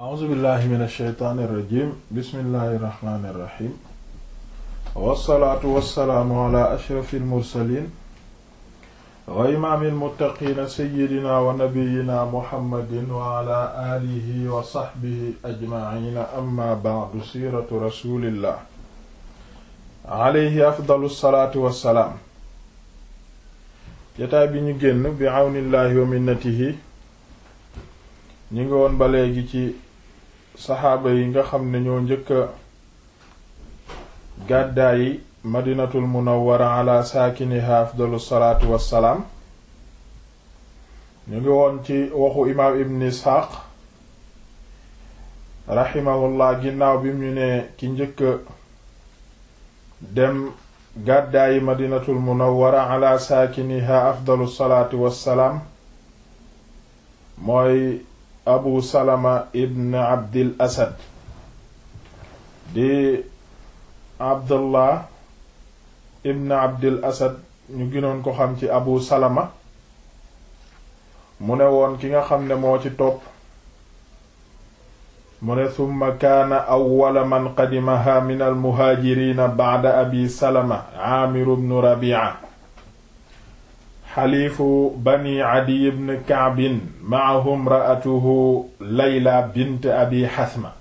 a'uuzu billahi min asheytaani irrajim bismillahi irrahmani irrahim wassalaatu wassalaamu ala ashrafi almursalin wa imaami almuttaqiina seyidina wa nabiyina muhammadin wa ala aalihi wa saxbihi ajmaciina amma bacdu siiratu rasulillah alayhi afdalu salaatu wassalaam jataay bi ñu génn bi àwnillaahi wa minnatihi ñu ngi woon ba léegi ci saxaaba yi nga xam ne ñoo njëkk a gàddaayi madinatul munawwara ala saakiniha afdalu salaatu wassalaam ñu ngi woon ci waxu imaam ibn isxaaq raximahullah ginnaaw bi mu ne ki njëkk a dem gàddaayi madinatul munawwara ala saakiniha afdalu salaatu salaam mooy abu salama ibn abdil asad di abdullah ibn abdil asad ñu ginoon ko xam ci abu salama mu ne woon ki nga xam ne moo ci topp mu ne summa kaana awwala man qadimaha min almuhaajirina ba'da abi salama aamiru bnu rabi'a xaliifu bani adiy ibn kaabin maahum raatuhu layla bint abi xasma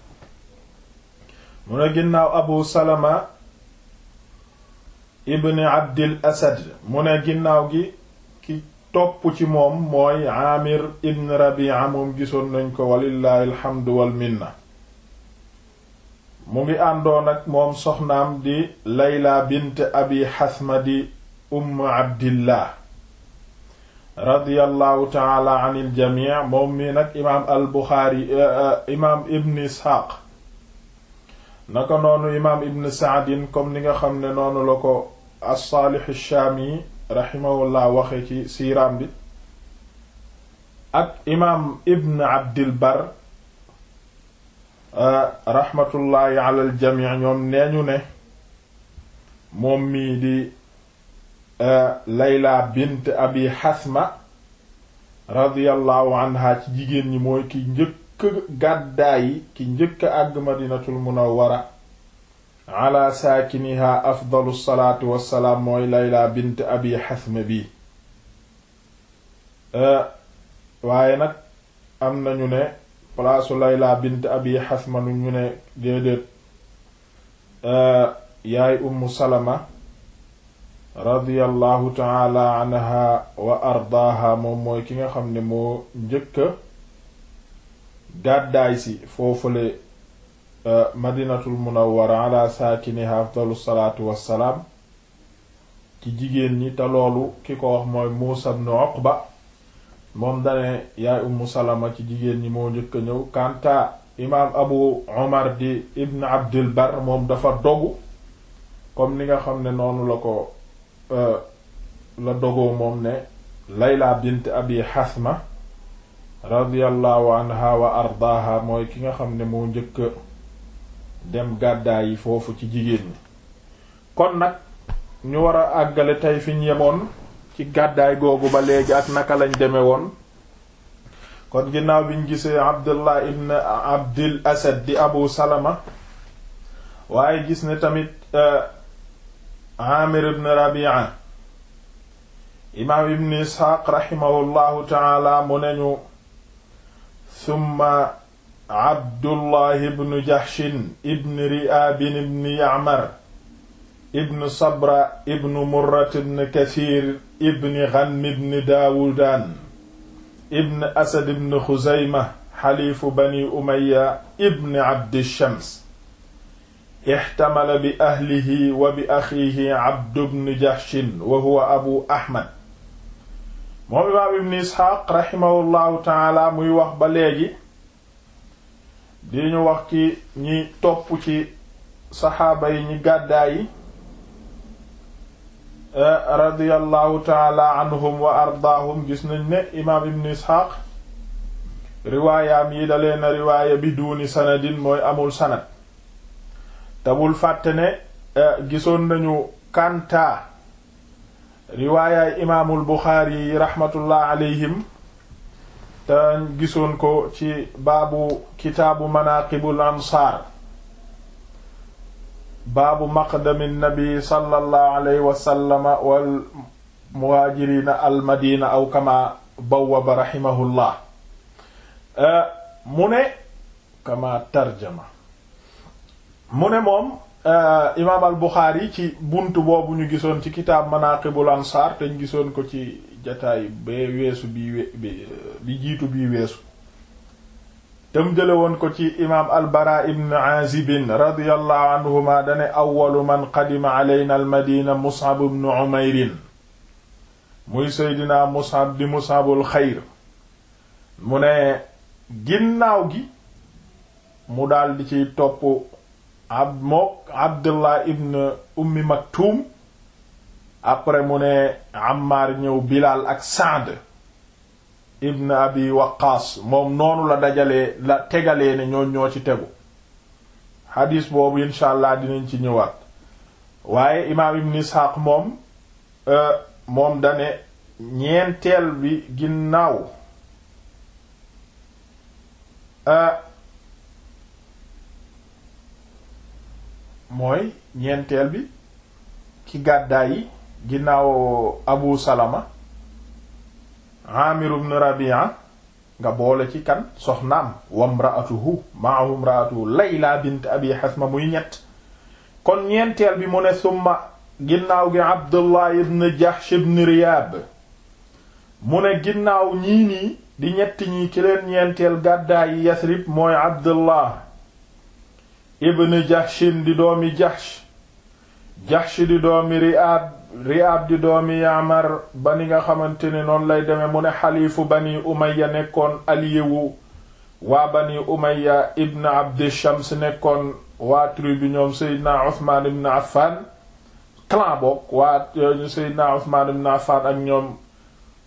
mu ne ginnaaw abu salama ibn abdil asad mu ne ginnaaw gi ki topp ci moom mooy aamir ibn rabia moom gisoon nañ ko walillaahi alxamdu walminna mu ngi àndoon ak moom soxnaam di layla bint abi xasma di umm abdillah radiyallahu taala an il jamii moom mii nag imaam al eh, eh, imaam ibn isxaaq naka noonu imaam ibn saadin comme ni nga xam ne noonu la ko as-saalix ash waxe ci siiraam bi ak imaam ibn abdil bar eh, raxmatullaahi ala jamii ñoom nee ñu ne moom mii di Euh, Layla bint Abi Hasma radiyallahu anha ci jigéen ñi mooy ki njëkk gàddaayi ki njëkk àgg Madinatul Munawwara ala saakiniha afdalu salaatu wassalaam mooy Layla bint Abi Hasma bi euh, waaye nag am nañu ne palaasu Layla bint Abi Hasma nu ñu ne déedéet euh, yaay Ummu Salama radiyallahu taala anha wa ardaaha moom mooy ki nga xam ne moo njëkka gàddaay si foofule euh, madinatul munawwara ala saakiniha afdalu salaatu wassalaam ci jigéen ñi te loolu ki ko wax mooy Muusa ibn Uqba moom dane yaay Ummu Salama ci jigéen ñi moo njëkk ñëw kanta imaam Abu Umar di ibn Abdul Bar moom dafa dogu comme ni nga xam ne noonu la ko Euh, la dogoo moom ne Layla bint Abi Hasma radiyallahu anha wa ardaaha mooy ki nga xam ne moo njëkk dem gàddaa yi foofu ci jigéen ñi kon nag ñu war a àggale tey fi ñu yemoon ci gàddaay googu ba léegi ak naka lañ deme woon kon ginnaaw bi ñu gisee Abdullah ibn Abdil Asad di Abu Salama waaye gis ne tamit euh, amir ibn rabia imaam ibn isxaaq raximahullahu taala mu neñu summa abdullah ibn jahshin ibn riaabin ibn ya'mar ibn sabra ibn murrat ibn kathir ibn ghanm ibn daawudaan ibn asad ibn xuzayma xaliifu bani umaya ibn abdishams ixtamala bi ahlihi wa bi axiihi abdu muy wax ba léegi di ñu wax ci ñi topp ci saxaaba yi ñi gàddaa yi eh, radiyallahu anhum wa ardaahum gis ne imaam ibn isxaaq riwaayaam yi da leen bi duuni sanadin mooy amul sanad te bul ne eh, gisoon nañu kanta riwaayaay imaamul buxaari yi raxmatullah alayhim te gisoon ko ci baabu kitaabu manaqibul ansaar baabu maqdami nabi sallallahu alayhi wa sallama wal muhaajiriina al madina aw kama bawwaba raximahullah eh, mu ne kama tarjama mu ne moom euh, imaam al Buxaari ci bunt boobu ñu gisoon ci kitaab manaqibul ansaar te gisoon ko ci jataay bee weesu bii euh, bi jiitu bii weesu tam jële woon ko ci imaam al Baraa ibn Aazib radiyallahu anhuma dane awwalu man qadima aleyna al madina Mus'ab ibn Umayr muy seydinaa Mus'ab di Mus'abul xayr mu ne ginnaaw gi mu daldi ci topp ab mook abdullah ibn ummi maktum après mu ne Ammar ñëw bilaal ak Saad ibn Abi Waqqas moom noonu la dajalee la tegalee ne ñoo ñoo ci tegu xadiis boobu incha allah dinañ ci ñëwaat waaye imaam ibn Isxaaq moom euh, moom dane ñeenteel bi ginnaaw euh, mooy ñeenteel bi ci gàddaay yi ginnaaw Abu Salama Amir ibn Rabi'a nga boole ci kan soxnaam wamraatuhu ma'ahu imra'atuhu Layla bint Abi Hasma muy ñett kon ñeenteel bi mu ne summa ginnaaw gi Abdullah ibn Jahsh ibn Riyab mu ne ginnaaw ñii nii di ñetti ñii ki leen ñeenteel gàddaay yi Yasrib mooy Abdullah ibn jahshin di doomi jahsh jahsh di doomi riab riab di doomi yaamar ba nga xamante ne noonu lay demee mu ne xaliifu bani umayya nekkoon aliyewu waa bani umayya ibn abdi shams nekkoon waa tribu ñoom seydina uthman ibn affan clan waa euh, seydina uthman ibn affan ak ñoom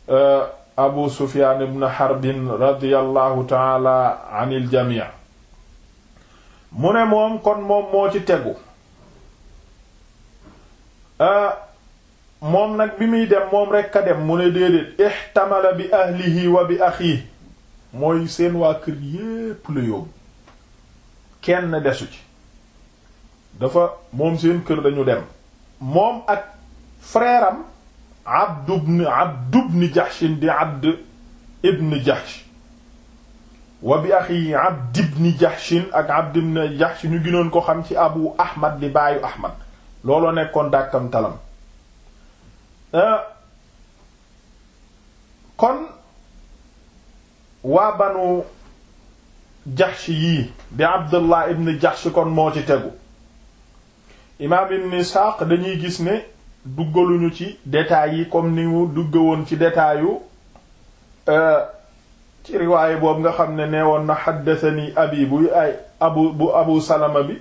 euh, abu sufyan ibn harbin radiyallahu taala anil jamii mu ne moom kon moom moo ci tegu ah, moom nag bi muy dem moom rekk a dem mu ne déedéet ihtamala bi ahlihi wa bi axihi mooy seen waa kër yépp la yóbbu kenn desu ci dafa moom seen kër dañu dem moom ak frère am Abd ibn di Abd ibn Jahsh wa bi axi Abd ibn Jahsh ak Abd ibn Jahsh ñu ginoon ko xam ci Abu Ahmad di baayu Ahmad looloo nekkoon dàkkam talam euh, kon waa banu Jahsh yii di Abdullah ibn Jahsh kon moo ci tegu imaam ibn Isaaq dañuy gis ne duggaluñu ci détails yi comme ni mu ci détails yu euh, ci riwaaye boobu nga xam ne neewoon na xaddasani abi bu abu salama bi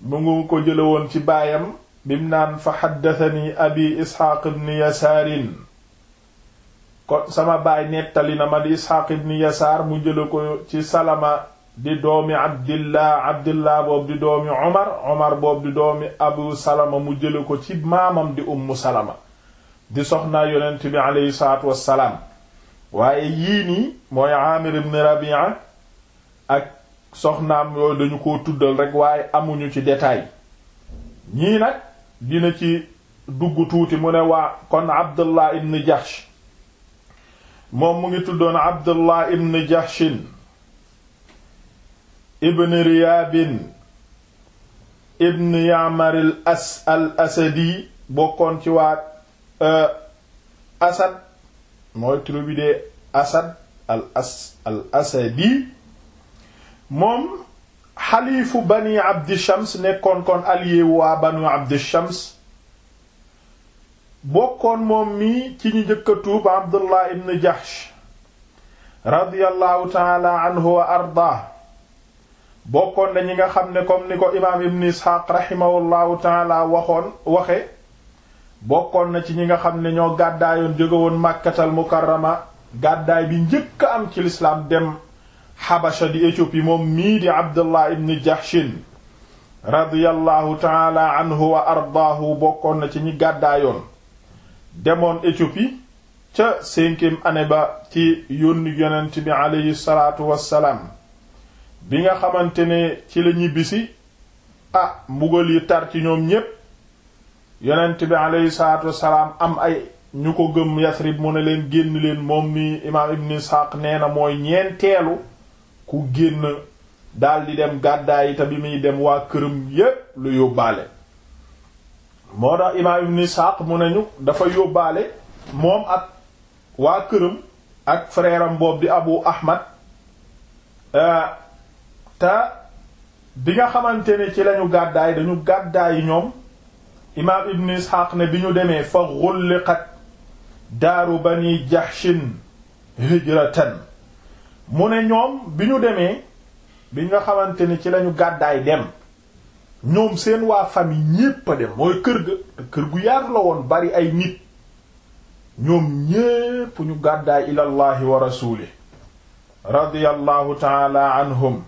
mu ngi ko jële woon ci baayam bim naan fa xaddasani abi isxaaq ibn yasaarin kon sama baay nettali na ma di isxaaq ibn yasaar mu jële ko ci salama di doomi abdillah abdillah boobu di doomi omar omar boobu di doomi abu salama mu jële ko ci maamam di ummu salama di soxnaa yonent bi aleyhi salaatu wassalaam waaye yii nii mooy Amir ibn Rabi'a ak soxnaam yooyu dañu ko tuddal rek waaye amuñu ci détail ñii nag dina ci dugg tuuti mu ne waa kon Abdullah ibn Jahsh moom mu ngi tuddoon Abdullah ibn Jahshin ibn Riyaabin ibn Ya'mar al-Asadi bokkoon ci waa euh, Asad mooy tribu de asad al as al asadi moom xaliifu bani abdi shams nekkoon kon allié waa banu abdi shams bokkoon moom mi ci ñu njëkk a tuub abdullah ibn jahsh radiyallahu taala anhu wa ardaa bokkoon na ñi nga xam ne comme ni ko imaam ibn isxaaq rahimahullahu taala waxoon waxe bokkoon na ci ñi nga xam ne ñoo gàddaayoon jógewoon woon màkkatal mukarrama gàddaay bi njëkk am ci lislaam dem xabasha di éthiopie moom mii di abdullah ibn jahshin radiyallahu taala anhu wa ardaahu bokkoon na ci ñi gàddaayoon demoon éthiopie ca cinquième année ba ci yónni yonent bi aleyhi salaatu wassalaam bi nga xamante ne ci la ñibbisi a ah, mbugal yi tar ci ñoom ñépp yonent bi aleyhi salaatu wasalaam am ay ñu ko gëm Yasrib mu ne leen génn leen moom mi imaam Ibn Ishaq nee na mooy ñeenteelu ku génn daldi dem gàddaay te bi muy dem waa këram yépp lu yóbbaale moo tax imaam Ibn Ishaq mu ne ñu dafa yóbbaale moom ak waa këram ak frère am boobu di Abu Ahmad euh, te bi nga xamante ne ci lañu gàddaay dañu gàddaay ñoom imaam ibn isxaaq ne bi ñu demee fa xulliqat daaru bani jaxshin hijratan mu ne ñoom bi ñu demee bi nga xamante ni ci lañu gàddaay dem ñoom seen waa famille ñépp dem mooy kër gu yaatu la woon bari ay nit ñoom ñépp ñu gàddaay ilallaahi wa rasuuli radiyallahu taala anhum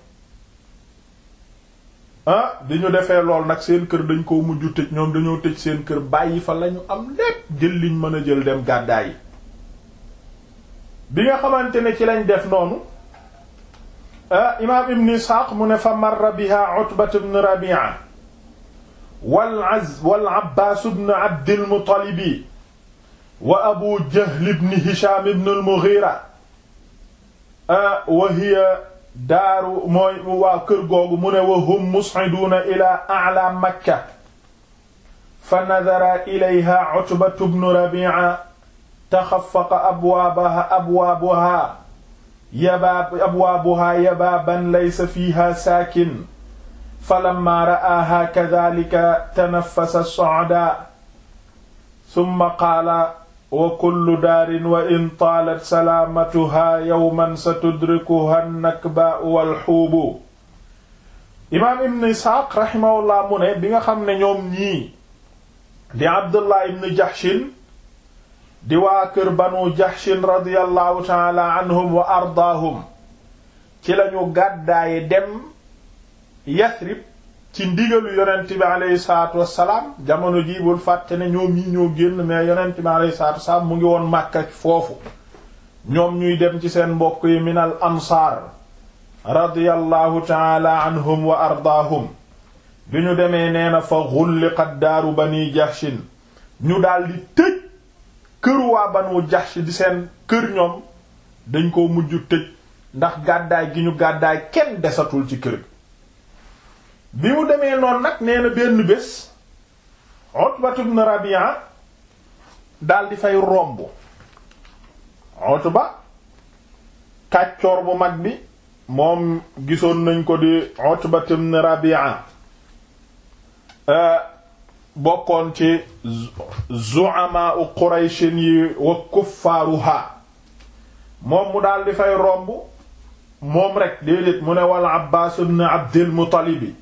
di ah, ñu defee lool nag seen kër dañ koo mujj tëj ñoom dañoo tëj seen kër bàyyi fa lañu am lépp jël liñ mën a jël dem gàddaay yi bi nga xamante ne ci lañ def noonu ah imaam ibn Isxaaq mu ne fa marra biha Utbat ibn Rabi'a wal Az wa Abu Jahl ibn Hishaam ibn al-Mughiira ah, wa hiya daaru mooy waa kër googu mu ne wa hum mus'iduuna ila a'la makka fa nadara ilayha utbatu bnu rabi'a taxaffaqa abwaabaha abwaabuha yabaab abwaabuha yabaaban laysa fiiha saakin falamma ra'aaha kadhalika tanaffasa as-su'ada thumma qaala wa kullu daarin wa in taalat salaamatuhaa yawman sa tudrikuha nakbaa'u wal xuubu imaam ibn isxaaq raximahullah mu ne bi nga xam ne ñoom ñii di abdullah ibn jaxshin di waa kër banu jaxshin radiyallahu taala anhum wa ardaahum ci lañu gàddaaye dem yasrib ci ndigalu yonent bi aleyhi salaatu wassalaam jamono ji bul fàtte ne ñoom yi ñoo génn mais yonent bi aleyhi salaatu wassalaam mu ngi woon Makka foofu ñoom ñuy dem ci seen mbokk yi minal ansaar radiyallahu taala anhum wa ardaahum bi ñu demee nee na fa xulliqat daaru bani jahshin ñu daldi tëj kër waa banu jahsh di seen kër ñoom dañ ko mujj tëj ndax gàddaay gi ñu gàddaay kenn desatul ci kër bi mu demee noonu nag nee na benn bés Utba ibn Rabi'a daal di fay romb Utba kàccoor bu mag bi moom gisoon nañ ko di Utba ibn Rabi'a euh, bokkoon ci zu'ama u Qurayshin yi wa kuffaaruha moom mu daal di fay romb moom rek déedéet mu ne wal Abbaas ibn Abdil Muttalibi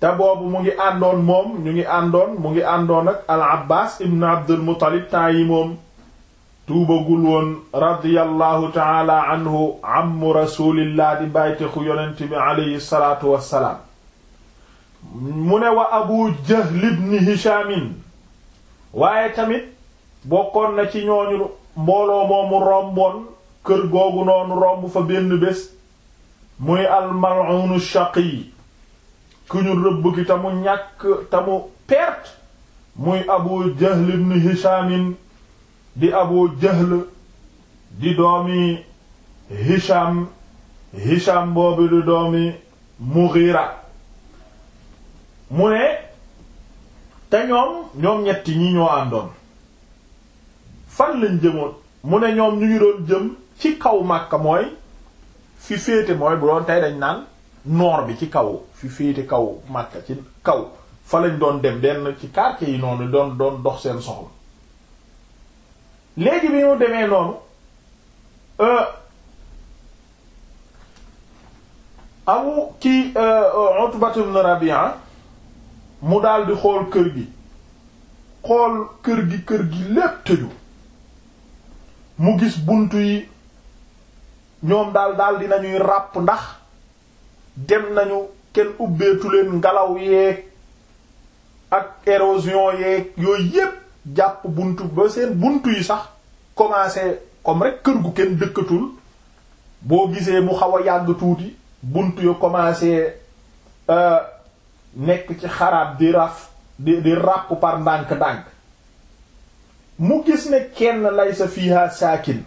te boobu mu ngi àndoon moom ñu ngi àndoon mu ngi àndoon ak al abbas ibn abdul muttalib temps yi moom tuubagul woon radiyallahu taala anhu ammu rasulillah di bàytexu yonent bi aleyhi salaatu wassalaam mu ne wa abu jahl ibn hishaamin waaye tamit bokkoon na ci ñooñu mbooloo moomu romboon kër googu noonu romb fa benn bés muy al mal'un ku ñu rëbb ki te mu ñàkk te mu perte muy abu jahl ibn di abu jël di doomi hisham hisham boobu di doomi mughira mu ne te ñoom ñoom ñetti ñi ñoo àndoon fan lañ jëmoon mu ne ñoom ñu doon jëm ci kaw Makka mooy fi féete mooy bu doon tey dañ naan noor bi ci kaw fi féete kaw Makka ci kaw fa lañ doon dem denn ci quartier yi noonu doon doon dox seen soxla léegi bi ñu demee noonu euh, amu ki euh, Utbat ibn Rabi'a mu daldi di xool kër gi xool kër gi kër gi lépp tëju mu gis bunt yi ñoom dal daldi dinañuy ràpp ndax dem nañu kenn ubbeetu leen ngelaw yeeg ak érosion yeeg yooyu yépp jàpp buntu ba seen buntu yi sax commencé comme rek kër gu kenn dëkkatul boo gisee mu xaw a yàgg tuuti buntu yu commencé euh, nekk ci xaraab di raf di di ràpp par ndànk-ndànk mu gis ne kenn lay sa fiiha saakin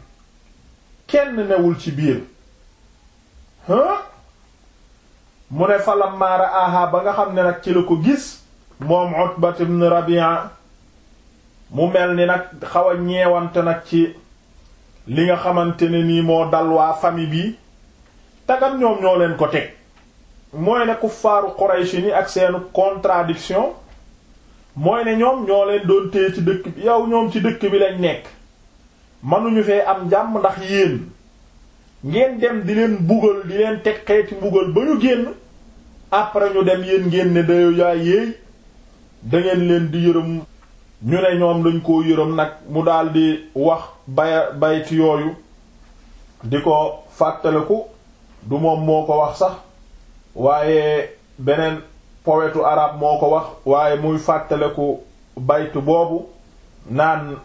kenn newul ci biir hein mu ne falam maara aha ba nga xam ne nag ci la ko gis moom Utbat ibn Rabi'a mu mel ni nag xaw a nag ci li nga xamante ne nii moo dal waa famille bi tagam ñoom ñoo leen ko teg mooy ne kuffaaru Quraysh ni ak seenu contradiction mooy ne ñoom ñoo leen doon téye ci dëkk bi yow ñoom ci dëkk bi lañ nekk mënuñu fee am jàmm ndax yéen ngeen dem di leen mbugal di leen teg xeeti mbugal ba ñu génn après ñu dem yéen ngeen ne dayo yaa yéey dangeen leen di yërëm ñu ne ñoom dañ koo yërëm nag mu daldi wax baya bayt yooyu di ko fàttaliku du moom moo ko wax sax waaye beneen powetu arab moo ko wax waaye muy fàttaliku baytu boobu naan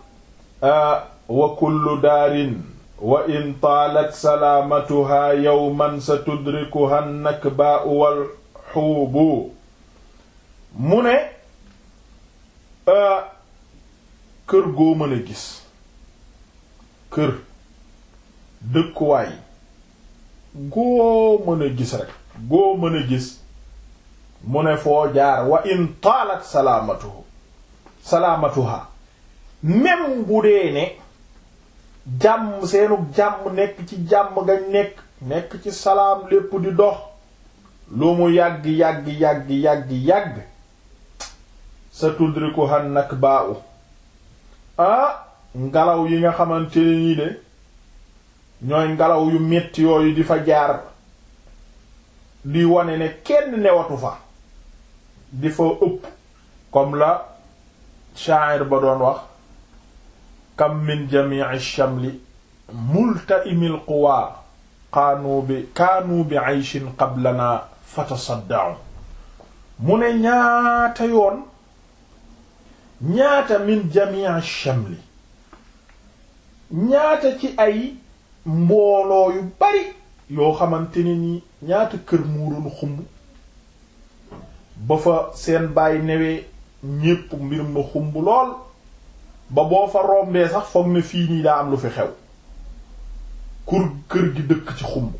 wa kullu daarin wa in taalat salaamatuha yawman satudrikuha nakba'u wal alxuubu mu ne euh, kër goo mën a gis kër dëkkuwaay goo mën a gis rek goo mën a gis mu ne foo jaar wa in taalat salaamatuhu salaamatuha même bu dee ne jàmm seenu jàmm nekk ci jàmm nga nekk nekk ci salaam lépp di dox lu mu yàgg yàgg yàgg yàgg yàgg sa tudrikuhan nag baa ah, ngelaw yi nga xamante nii de ñooy ngelaw yu metti yooyu di fa jaar li wane ne kenn newatu fa di fa ëpp comme la sha'ir ba doon wax kam min jami'i shamli multa'imil quwa kaanu bi kaanu bi ayshin qablana fatasadda'u mu ne ñaata yoon ñaata min jami'a shamli ñaata ci ay mbooloo yu bari yoo xamante ni ñaata kër muuroon xumb ba fa seen bàyyi newee ñépp mbir ma xumb lool ba boo fa rombee sax foog ne fii nii daa am lu fi xew kur kër gi dëkk ci xumb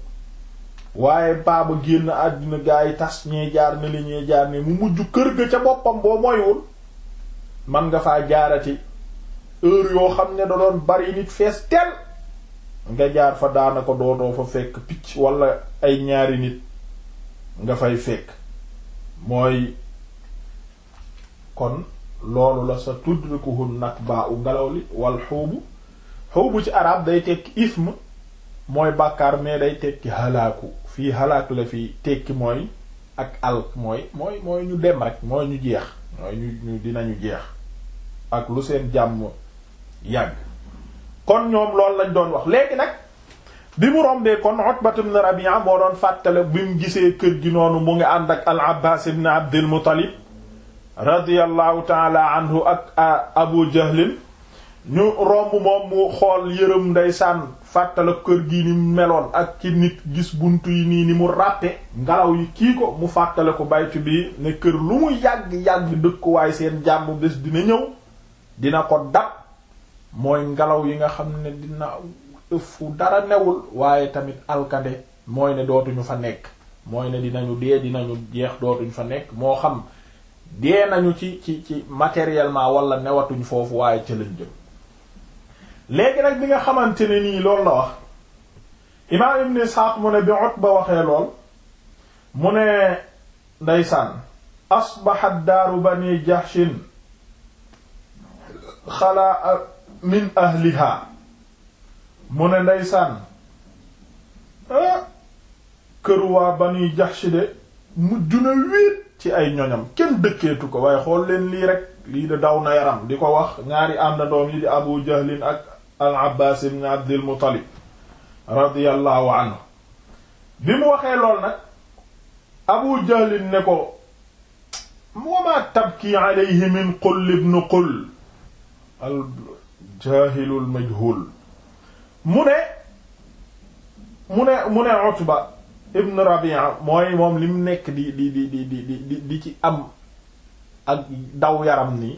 waaye baaba génn àdduna gaa yi tas ñee jaar ne li ñee jaar ne mu mujj kër ga ca boppam boo moywul man nga faa jaarati heure yoo xam ne da doon bari nit fees teel nga jaar fa daanaka doodoo fa fekk picc walla ay ñaari nit nga fay fekk mooy kon loolu la sa tudrikuhun nag baa u ngelaw li wal xuubu xuubu ci arab day tekki ism mooy bàkkaar mais day tekki halaaku fii halaak la fi tekki mooy ak al mooy mooy ñu dem rek mooy ñu jeex mooy ñu dinañu jeex ak lu seen jàmm yàgg kon ñoom loolu lañ doon wax léegi nag bi mu rombee kon Utbat ibn Rabi'a moo doon fàttale bi mu gisee kër gi noonu mu ngi ànd ak al Abbaas ibn Abdul Muttalib radiyallahu taala anhu ak Abu Jahlin ñu romb moom mu xool yërëm ndeysaan fàttale kër gi ni meloon ak ci nit gis bunt yi nii ni mu ràppe ngelaw yi kii ko mu fàttale ko baytu bi ne kër lu mu yàgg-yàgg dëkkuwaay seen jàmm bés dina ñëw dina ko dab mooy ngelaw yi nga xam ne dina ëff dara newul waaye tamit alkande mooy ne dootuñu fa nekk mooy ne dinañu dee dinañu jeex dootuñu fa nekk moo xam dee nañu ci ci ci matériellement wala newatuñu foofu waaye ca lañ léegi nag bi nga xamante ni nii loolu la wax imaam ibn Isxaaq mu ne bi Utba waxee lool mu ne ndeysaan asbaxat daaru bani Jahshin xalaa min ahliha mu ne ndeysaan ah, këru waa ba Jahsh de mujj na wéet ci ay ñoñam kenn dëkkeetu ko waaye xool leen lii rek lii da daw na yaram di ko wax ñaari àndandoom yi di Abu Jahlin ak al-Abbaas ibn Abdil Muttalib radiyallahu anhu bi mu waxee lool nag Abu Jahl ne ko wa maa tabki alayhi min Qull ibn Qull al-jaahilu al-majhuul mu ne mu ne mu ne Utba ibn Rabi'a mooy moom li mu nekk di di di di di di di ci am ak daw yaram nii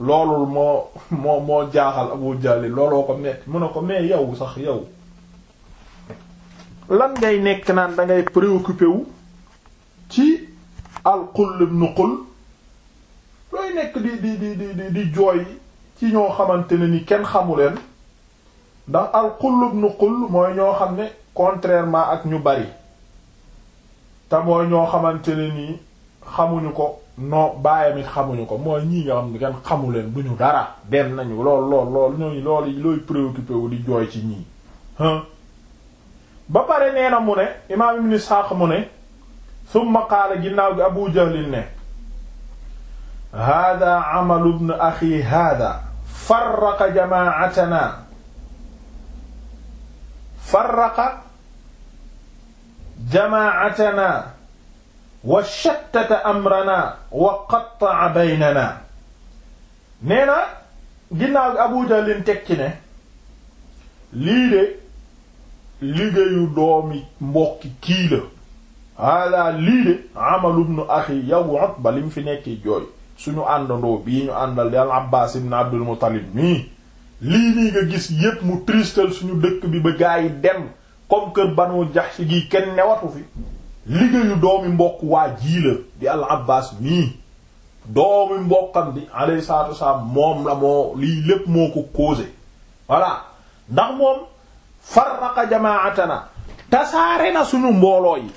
loolul moo moo moo jaaxal wu Jahl looloo ko nekk mu ne ko mais yow sax yow lan ngay nekk naan dangay préoccupé wu ci al Qull ibn looy nekk di di di di di jooy ci ñoo xamante ne ni kenn xamuleen ndax al Qull ibn mooy ñoo xam ne contrairement ak ñu bari te mooy ñoo xamante ne ni xamuñu ko no bàyyam it xamuñu ko mooy ñii nga xam ne kenn xamu leen ñu dara dem nañu lool lool lool ñooñu lool looy préoccupé di jooy ci ñii ba pare nee na mu ne imaam ibn Isxaaq mu ne summa qaala ginnaaw gi Abu Jahl ne hada amalu ibn axi hada farraqa jamaatana farraqa jamaatana wa shattata amrana wa qatta'a baynana nee na ginnaaw Abu Jahlin teg ci ne lii de liggéeyu doomi mbokki kii la haala lii de amalu ibnu axi yow Utba li mu fi nekki jooy suñu àndandoo bii ñu àndal di al Abbaas ibn Abdul Muttalib nii lii nii nga gis yépp mu tristal suñu dëkk bi ba gaa yi dem comme kër Banu Jahsh gi kenn newatu fi liggéeyu doomi mbokk waa jii la di al abbas mii doomi mbokkam bi alayhi salatu wassalam moom la moo lii lépp moo ko causé voilà ndax moom farraqa jamaatana tasaare na suñu mbooloo yi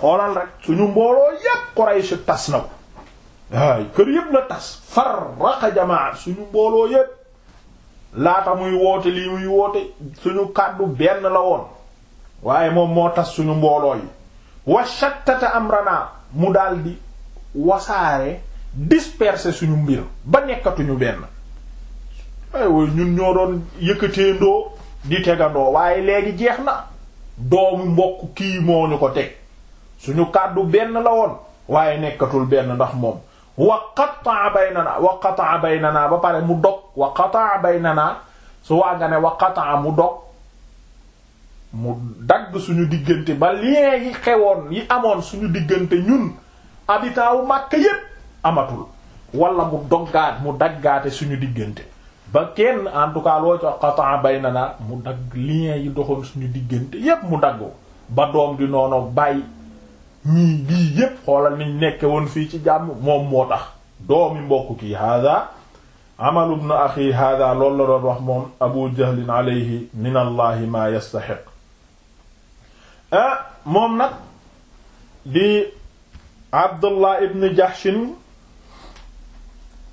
xoolal rek suñu mbooloo yépp Quraysh tas na ko waay kër yépp la tas farraqa jamaa suñu mbooloo yépp laata muy woote lii muy woote suñu kàddu benn la woon waaye moom moo tas suñu mbooloo yi wa shattata amrana mu daldi wasaare disperser suñu mbir ba nekkatuñu benn aywa ñun ñoo doon yëkkateendoo di tegandoo waaye léegi jeex na doomu mbokk kii moo ñu ko teg suñu kàddu benn la woon waaye nekkatul benn ndax moom wa bay baynana wa bay baynana ba pare mu dog wa qataa baynana su waa nga ne wa mu dog mu dagg suñu diggante ba lien yi xewoon yi amoon suñu diggante ñun habitat wu Makka yépp amatul wala mu doggaat mu daggaate suñu diggante ba kenn en tout cas loo ci qata baynana mu dagg lien yi doxoon suñu diggante yépp mu daggoo ba doom di noono bàyyi ñii lii yépp xoolal niñ nekke woon fii ci jàmm moom moo tax doomi mbokk kii hada amalu ibn axi hada loolu la doon wax moom abu jahlin alayhi min ma yastaxiq Ah, moom nag bi Abdullah ibn Jahshin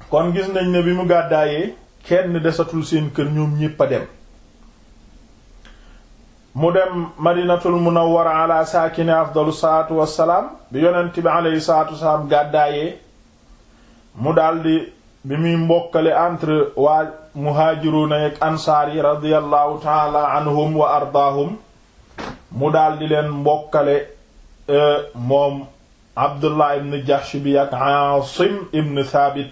kon gis nañ ne bi mu gàddaayee kenn desatul seen kër ñoom ñépp a dem mu dem madinatul munawwara ala saakini afdalu salaatu wassalaam bi yonent bi alayhi salaatu wassalaam gàddaayee mu daldi bi muy mbokkale entre waa muhaajiruuna ak ansaar radiyallahu taala anhum wa ardaahum mu daldi leen mbokkale euh, moom abdullah ibn jahsh bi ak aasim ibn thabit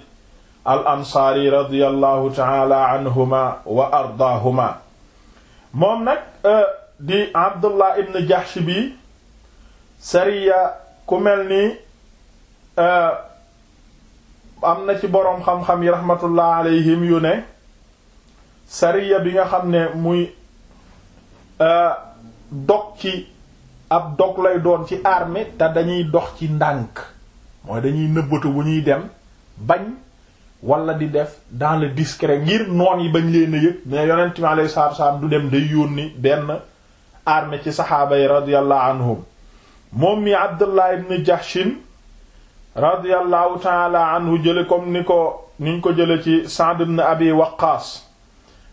al ansaari radiyallahu taala anhuma wa ardaahuma moom nag euh, di abdullah ibn jahsh bi sariya ku mel ni euh, am na ci boroom xam-xam yi rahmatullah alayhim yu ne sariya bi nga xam ne muy dog ci ab dog lay doon ci arme te dañuy dox ci ndànk mooy dañuy nëbbatu bu ñuy dem bañ wala di def dans le discret ngir noon yi bañ leen yëg mais yonent mi alayhi salaatu du dem day yónni benn armée ci saxaaba yi radiyallahu anhum moom mi Abdullah ibn Jahshin radiyallahu taala anhu jële comme ni ko niñ ko jële ci Sa'd ibn Abi Waqqas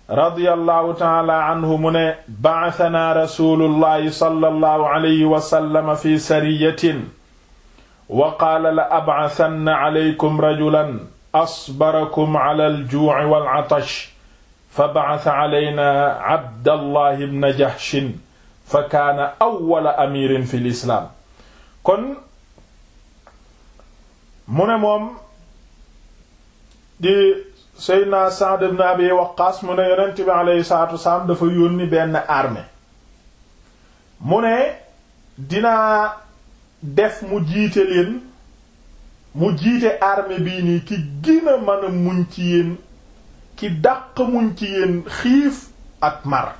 radiyallahu taala anhu mu ne ba'athanaa rasuulullahi sallallahu alayhi wa sallam fi sariyatin wa qaala la ab'athanna alaykum rajulan asbarakum ala al-juu'i wal-'atash fa ba'atha alaynaa Abdallahi ibn Jahshin fa kaana awwala amiirin fil islaam kon mu ne moom di Seydina Sa'd ibn Abi Waqqas mu ne yonent bi alayhi salaatu wasalaam dafa yónni benn armée mu ne dinaa def mu jiite leen mu jiite armée bii nii ki gën a muñ ci yéen ki dàq muñ ci yéen xiif ak mar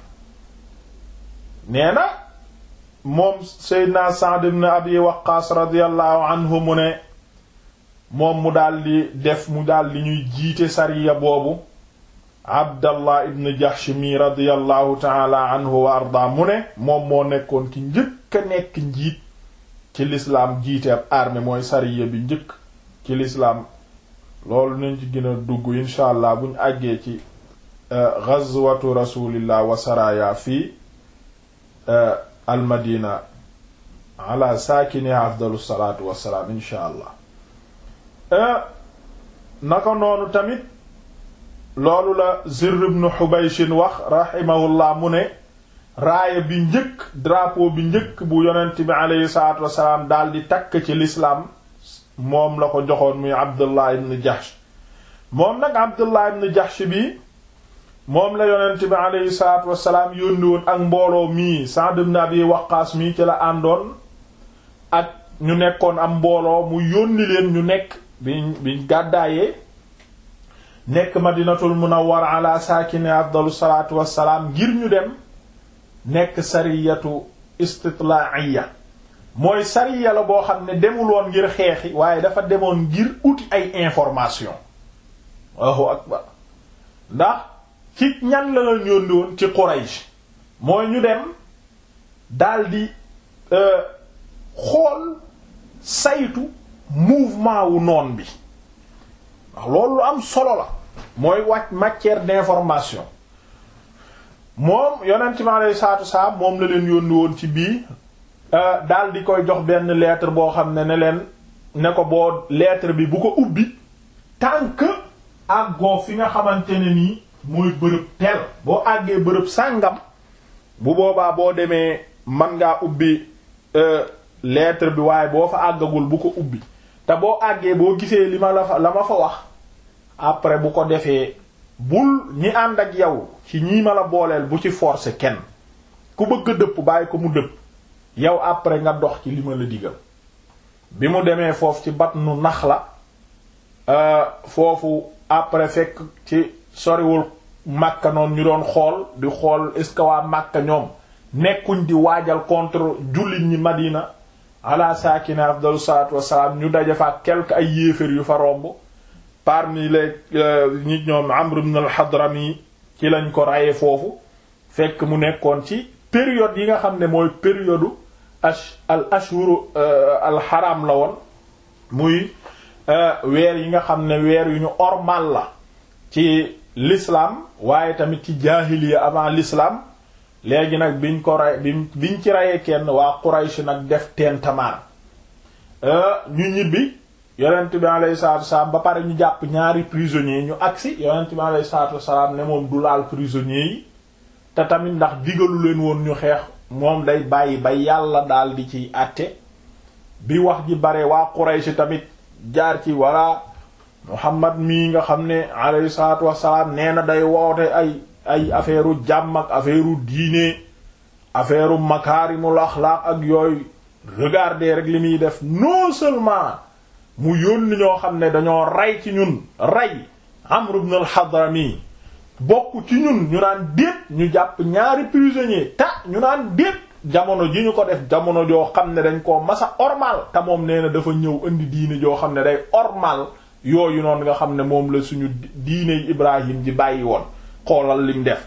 nee na moom Seydina Sa'd ibn Abi Waqqas radiyallahu anhu mu ne moom mu daldi def mu di ñuy jiite sariya boobu abdallah ibn jahsh mi taala anhu wa arda mu ne moom moo nekkoon ki njëkk a nekk njiit ci lislaam jiite ab armée mooy sariya bi njëkk ci lislaam loolu nañ ci gën dugg incha allah buñ àggee ci euh, ghazwatu rasulillah wa saraya fii euh, almadina ala saakini afdalu salatu wassalaam incha allah Euh, naka noonu tamit loolu la Zirr ibn Hubaysh wax rahimahullah mu ne raaya bi njëkk drapeau bi njëkk bu yonent bi aleyhi salaatu wasalaam daal di takk ci lislaam moom la ko joxoon muy Abdullah ibn Jahsh moom nag Abdullah ibn Jahsh bi moom la yonent bi aleyhi salaatu wasalaam yónni ak mbooloo mii Sa'd ibn Abi Waqqaas mii ci la àndoon ak ñu nekkoon am mbooloo mu yónni leen ñu nekk biñ biñ gàddaayee nekk madinatul munawwar ala saakini afdalu salaatu wassalaam ngir ñu dem nekk sariyatu istitlaaiya mooy sariya la boo xam ne demuloon ngir xeexi waaye dafa demoon ngir uti ay information waaw akbar ndax ci ñan la lañ yónni woon ci Quraysh mooy ñu dem daldi euh, xool saytu mouvement wu noon bi ndax loolu lu am solo la mooy wàcc matière d'information moom yonent mi alayhi salaatu salaam moom la leen yónni woon ci bii euh, daal di koy jox benn lettre boo xam ne ne leen ne ko boo lettre bi bu ko ubbi tant que àggoo fi nga xamante ne nii mooy bërëb teel boo àggee bërëb sàngam bu boobaa boo demee man ngaa ubbi euh, lettre bi waaye boo fa àggagul bu ko ubbi te boo àggee boo gisee li ma la fa la ma fa wax après bu ko defee bul ñi ànd ak yow ci ñii ma la booleel bu ci forcer kenn ku bëgg dëpp bàyyi ko mu dëpp yow après nga dox ci li ma la digal bi mu demee foofu ci Batnu Naxla euh, foofu après fekk ci soriwul Makka noonu ñu doon xool di xool est-ce que waa Makka ñoom nekkuñ di waajal contre jullit ñi Madina ala saakine afdalu salaatu wassalaam ñu daje fa quelques ay yéefér yu fa romb parmi les euh, nit ñoom Amr ibn al-Hadrami ci lañ ko raye foofu fekk mu nekkoon ci période yi nga xam ne mooy période ash al ashhur euh, al haram la woon muy euh, weer yi nga xam ne weer yu ñu ormal la ci lislaam waaye tamit ci jaahiliya avant lislaam léegi nag biñ ko ray biñ ci rayee kenn waa Quraysh nag def teen tamaar euh, ñu ñibbi yonent bi alayhi salaatu salaam ba pare ñu jàpp ñaari prisonniers ñu agsi yonent bi alayhi salaatu salaam ne moom du laal prisonniers yi te tamit ndax digalu leen woon ñu xeex moom day bàyyi ba yàlla daal di ciy àtte bi wax ji bare waa Quraysh tamit jaar ci walla Muhammad mii nga xam ne alayhi salaatu wassalaam nee na day woote ay ay affaire u jàmm ak affaire u diine affaire u makaarimul axlaaq ak yooyu regarder rek li muy def non seulement mu yónni ñoo xam ne dañoo rey ci ñun rey Amr ibn al-Hadrami bokk ci ñun ñu naan déet ñu jàpp ñaari prisonnier ta ñu naan déet jamono ji ñu ko def jamono joo xam ne dañ koo masa ormal te moom nee dafa ñëw indi diine joo xam ne day ormal yooyu noonu nga xam ne moom la suñu diine Ibrahim ji bàyyi woon xoolal lim def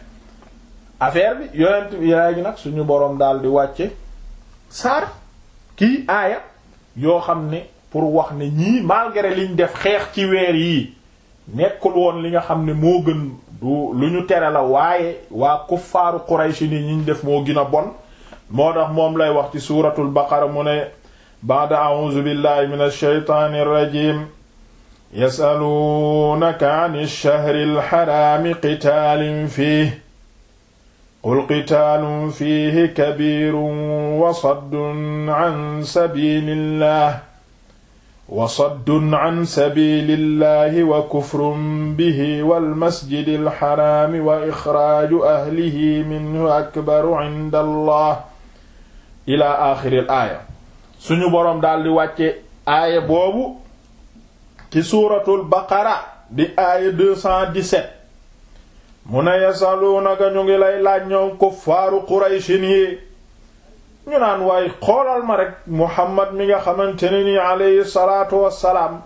affaire bi yonent yaay gi nag suñu boroom daal di wàcce saar kii aaya yoo xam ne pour wax ne ñii malgré liñ def xeex ci weer yi nekkul woon li nga xam ne moo gën lu ñu tere la waaye waa kuffaaru Quraysh ni ñu def moo gën a bon moo tax moom lay wax ci suuratul baqara mu ne ba'da a'uuzu billahi minash shaytaanir rajiim yasaluunaka an lchahri alxaraami qitaalin fiih qul qitaalun fiihi kabiirun wa saddun an sabilillah wa saddun an sabilillahi wa kufrun bihi walmasjidi alxaraami wa ixraaju ahlihi minhu akbaru cinda allah ila axiri al aaya suñu boroom daldi wàcce aaya boobu ci suuratul baqara di aaya 217 mu ne yasaluunaka ñu ngi lay laaj ñoom kuffaaru quraysin yi ñu naan waay xoolal ma rek muhammad mi nga xamante ne ni aleyhi salaatu wassalaam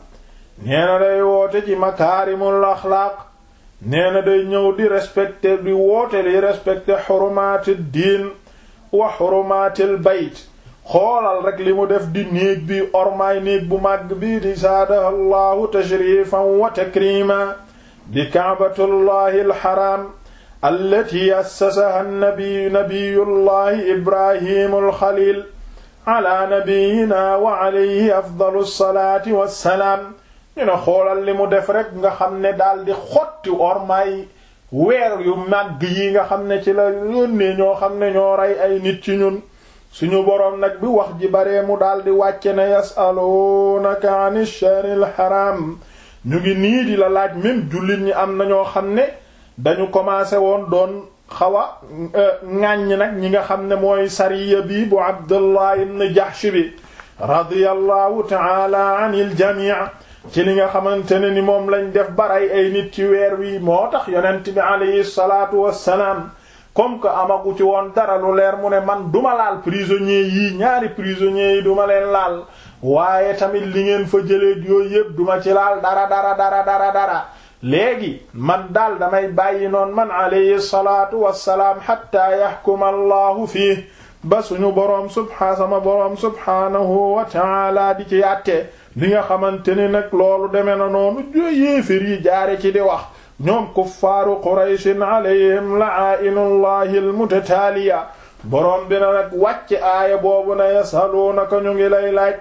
nee na day woote ci makaarimul axlaaq nee na day ñëw di respecter di woote li respecter xurumaatid diin wa xurumaatil bayt xoolal rek li mu def di néeg bi ormaay néeg bu màgg bi di zaadaha llahu tashrifan wa takrima di kaabatullahi alxaraam allati assasaha nabi nabiyullahi ibrahimu alxalil ala nabiyina wa alayhi afdalu salaati wassalaam ñu ne xoolal li mu def rek nga xam ne daal di xotti ormaay weer yu màgg yi nga xam ne ci la yónnee ñoo xam ne ñoo rey ay nit ci ñun suñu boroom nag bi wax ji baree mu daldi wàcce ne yasaluunaka an isharil haram ñu ngi nii di la laaj même jullit ñi am na ñoo xam ne dañu commencé woon doon xawa a euh, ŋàññ nag ñi nga xam ne mooy sariya bi bu Abdullah ibn Jahsh bi radiyallahu taala anil jamii ci li nga xamante ne ni moom lañ def baray ay nit ci weer wi moo tax yonent bi alayhi salaatu wassalaam comme que amagu ci woon dara lu leer mu ne man duma laal prisonnier yi ñaari prisonnier yi duma leen laal waaye tamit li ngeen fa jëlee yooyu yépp duma ci laal dara dara dara dara dara léegi man daal damay bàyyi noon man alayhi salaatu wassalaam hatta yahkum allahu fii ba suñu boroom subha sama boroom subhaanahu wa ta'ala di ci yàtte li nga xamante ne nag loolu deme na noonu yéefér yi jaare ci di wax ñoom kuffaaru qurayshin alayhim la'aa'inullahi almutataaliya boroom dina nag wàcc aaya boobu na yasaluunaka ñu ngi lay laaj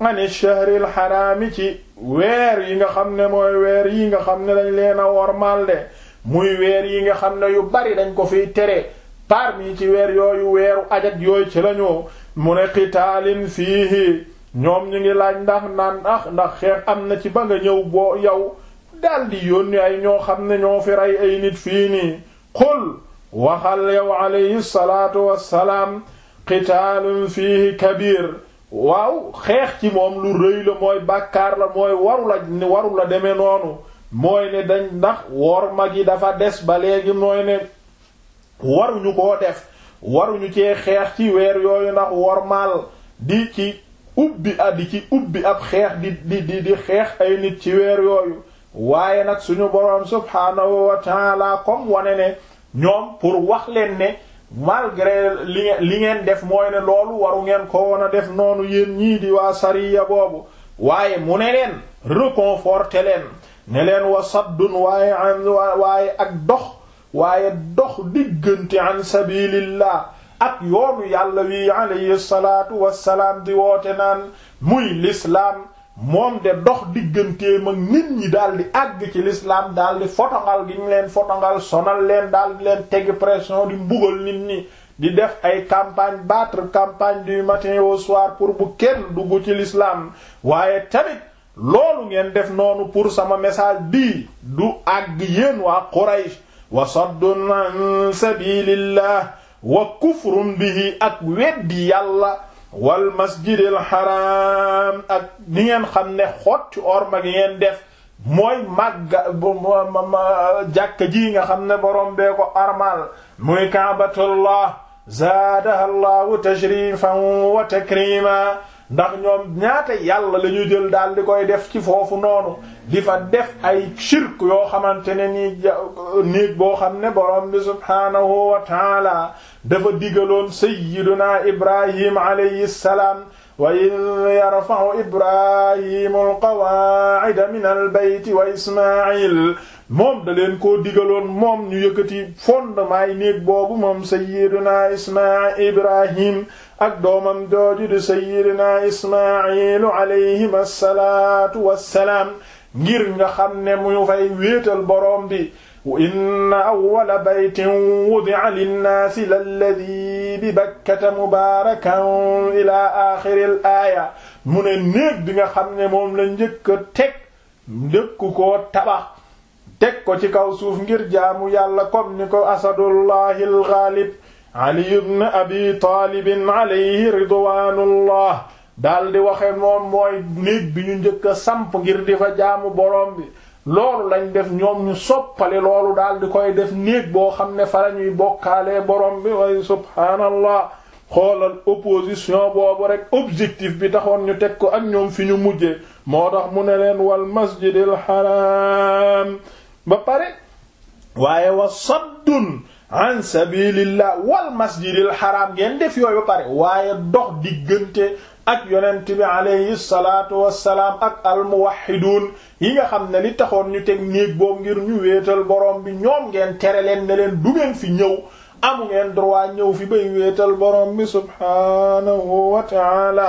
ani shahril xaraami ci weer yi nga xam ne mooy weer yi nga xam ne dañ leen a wormaal de muy weer yi nga xam ne yu bari dañ ko fiy tere parmi ci weer yooyu weeru ajat yooyu ci lañu mu ne qitaalin fiihi ñoom ñu ngi laaj ndax naan ah ndax xeex am na ci ba nga ñëw boo yow daldi yónni ay ñoo xam ne ñoo fi rey ay nit fii nii qul waxal yow alayhi salaatu wassalaam qitaalun fiihi kabiir waaw xeex ci moom lu rëy la mooy bàkkaar la mooy waru la waru la demee noonu mooy ne dañ ndax wor mag yi dafa des ba léegi mooy ne waruñu koo def waruñu cee xeex ci weer yooyu ndax wormaal di ci ubbi di ci ubbi ab xeex di di di xeex ay nit ci weer yooyu waaye nag suñu boroom subhaanahu wa taala comme wane ne ñoom pour wax leen ne malgré li ngeen def mooy ne loolu waru ngeen ko woon a def noonu yéen ñii di waa sariya boobu waaye mu ne leen réconforter leen ne leen wa saddun waaye an ak dox waaye dox diggante an sabilillah ak yoom yàlla wi alayhi salaatu wassalaam di woote naan muy lislaam moom de dox digganteem ak nit ñi daal di àgg ci l'islam daal di fotangal gi ñu leen fotangal sonal leen daal leen teg pression di mbugal nit ñi di def ay campagne battre campagne du matin au soir pour bu kenn dugg ci lislaam waaye tamit loolu ngeen def noonu pour sama message bii du àgg yéen waa Quraysh wa saddun an sabilillah wa kufrun bihi ak weddi yàlla wal masjidil haram ak ni ngeen xam ne xotti orma gi ngeen def mooy màgga jàkk ji nga xam ne borom bee ko armal muy kaabatullah zaadaha llahu tashrifan wa takrima ndax ñoom ñaata yàlla la ñu jël daal di koy def ci foofu noonu di fa def ay shirk yoo xamante ne nii néeg boo xam ne borom bi subhaanahu wa taala dafa digaloon sayyiduna ibrahim alayhi salaam wa in yarfa'u ibrahimu alqawaacida min albeyti wa ismail moom da leen koo digaloon moom ñu yëkkati fondement yi néeg boobu moom sayyiduna ismail ibrahim ak doomam jooju di sayyiduna ismailu alayhim assalaatu wassalaam ngir nga xam ne mu fay wéetal boroom bi inna awwala baytin wudi'a la lalladhi bi bakkata mubaarakan ilaa aaxiril aaya mu ne néeg bi nga xam ne moom la njëkk a teg njëkk koo tabax teg ko ci kaw suuf ngir jaamu yàlla comme ni ko asadullahi alghalib ali ibn abi taalib alayhi ridwaanullah daldi waxe moom mooy néeg bi njëkk a samp ngir di fa jaamu borom bi loolu lañ def ñoom ñu soppali loolu daal di koy def néeg boo xam ne fa lañuy bokkaalee borom bi way subhaanallah xoolal opposition boobu rek objectif bi taxoon ñu teg ko ak ñoom fi ñu mujje moo tax mu ne leen wal masjidil haram ba pare waaye wa saddun an sabilillah wal masjidil haram ngeen def yooyu ba pare waaye dox diggante ak yonent bi alayhi salaatu wassalaam ak almuwaxiduun yi nga xam ne li taxoon ñu teg néeg boobu ngir ñu wéetal boroom bi ñoom ngeen tere leen ne leen du ngeen fi ñëw amu ngeen droit ñëw fi bay wéetal borom bi subhaanahu wa taala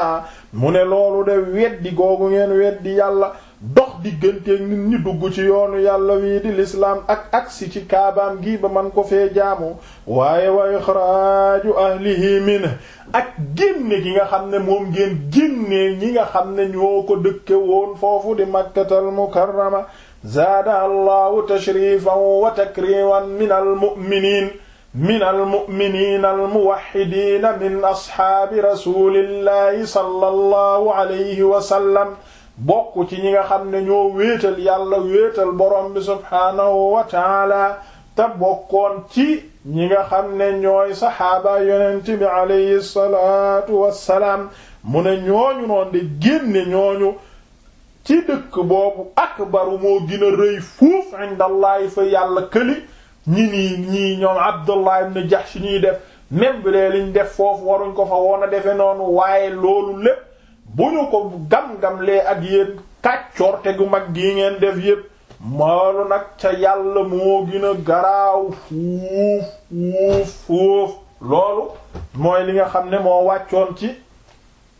mu ne loolu de weddi googu ngeen weddi yàlla dox diggante nit ñi dugg ci yoonu yàlla wii di lislaam ak agsi ci kaabaam gi ba man ko fee jaamu waaye wa ixraaju ahlihi minhu ak génne gi nga xam ne moom ngeen génnee ñi nga xam ne ñoo ko dëkke woon foofu di makkatal mukarrama zaada allahu tashrifan wa takriman min al min al muminin min asxaabi rasulillahi sallallahu alayhi wa sallam bokk ci ñi nga xam ne ñoo wéetal yàlla wéetal borom bi subhaanahu wa taala ci ñi nga xam ne ñooy saxaaba yonent bi alayhi salaatu wassalaam mu ne ñooñu noon de génne ñooñu ci dëkk boobu akbaru moo gën a rëy fuuf indallahi fa yàlla këli ñi nii ñii ñoom Abdullah ibn Jahsh ñuy def même liñ def foofu waruñ ko fa woon defe noonu waaye loolu lépp bu ñu ko gam lee ak yéen kàccoor te gu mag gi ngeen def yépp maolu nag ca yàlla moo gën garaaw fuuf fuuf fuuf loolu mooy li nga xam ne moo wàccoon ci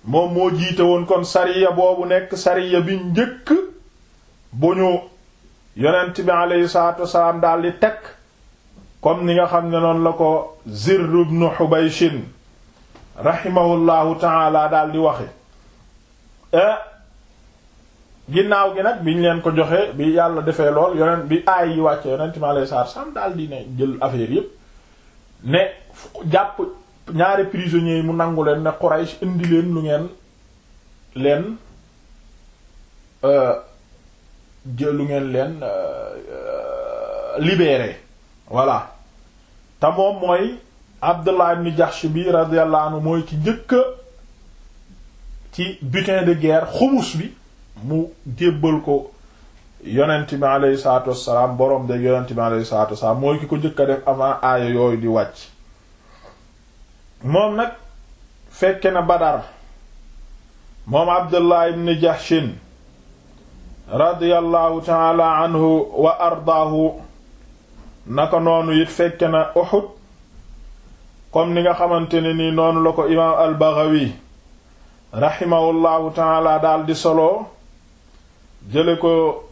moom moo jiite woon kon sariya boobu nekk sariya bi njëkk bu ñu yonent bi aleyhi salaatu wasalaam daal di teg kon li nga xam ne noonu la ko Zirr ibn Hubayshin rahimahullahu taala daal di waxe Euh, ginnaaw gi nag biñ leen ko joxe bi yàlla defee lool yonent bi aay yi wàcce yonent ma lay saar sam daal di ne jël affaire yëpp ne jàpp ñaari prisonniers yi mu nangu leen ne Quraysh indi leen lu ngeen leen euh, jël lu ngeen leen euh, libéré voilà te moom mooy Abdullah ibn Jahsh bi radiyallahu anhu mooy ci jëkk ci butin de guerre xumus bi mu jébbal ko yonent bi alayhi salaatu wassalaam borom de yonent bi alayhi salaatu wassalaam mooy ki ko jëkk def avant aaya yooyu di wàcc moom nag fekke na Badar moom Abdullah ibn Jahshin radiyallahu taala anhu wa ardaahu naka noonu it fekke na Uhud comme ni nga xamante ne nii noonu la ko imaam al-Baghawi raximahullahu taala daal di solo jële ko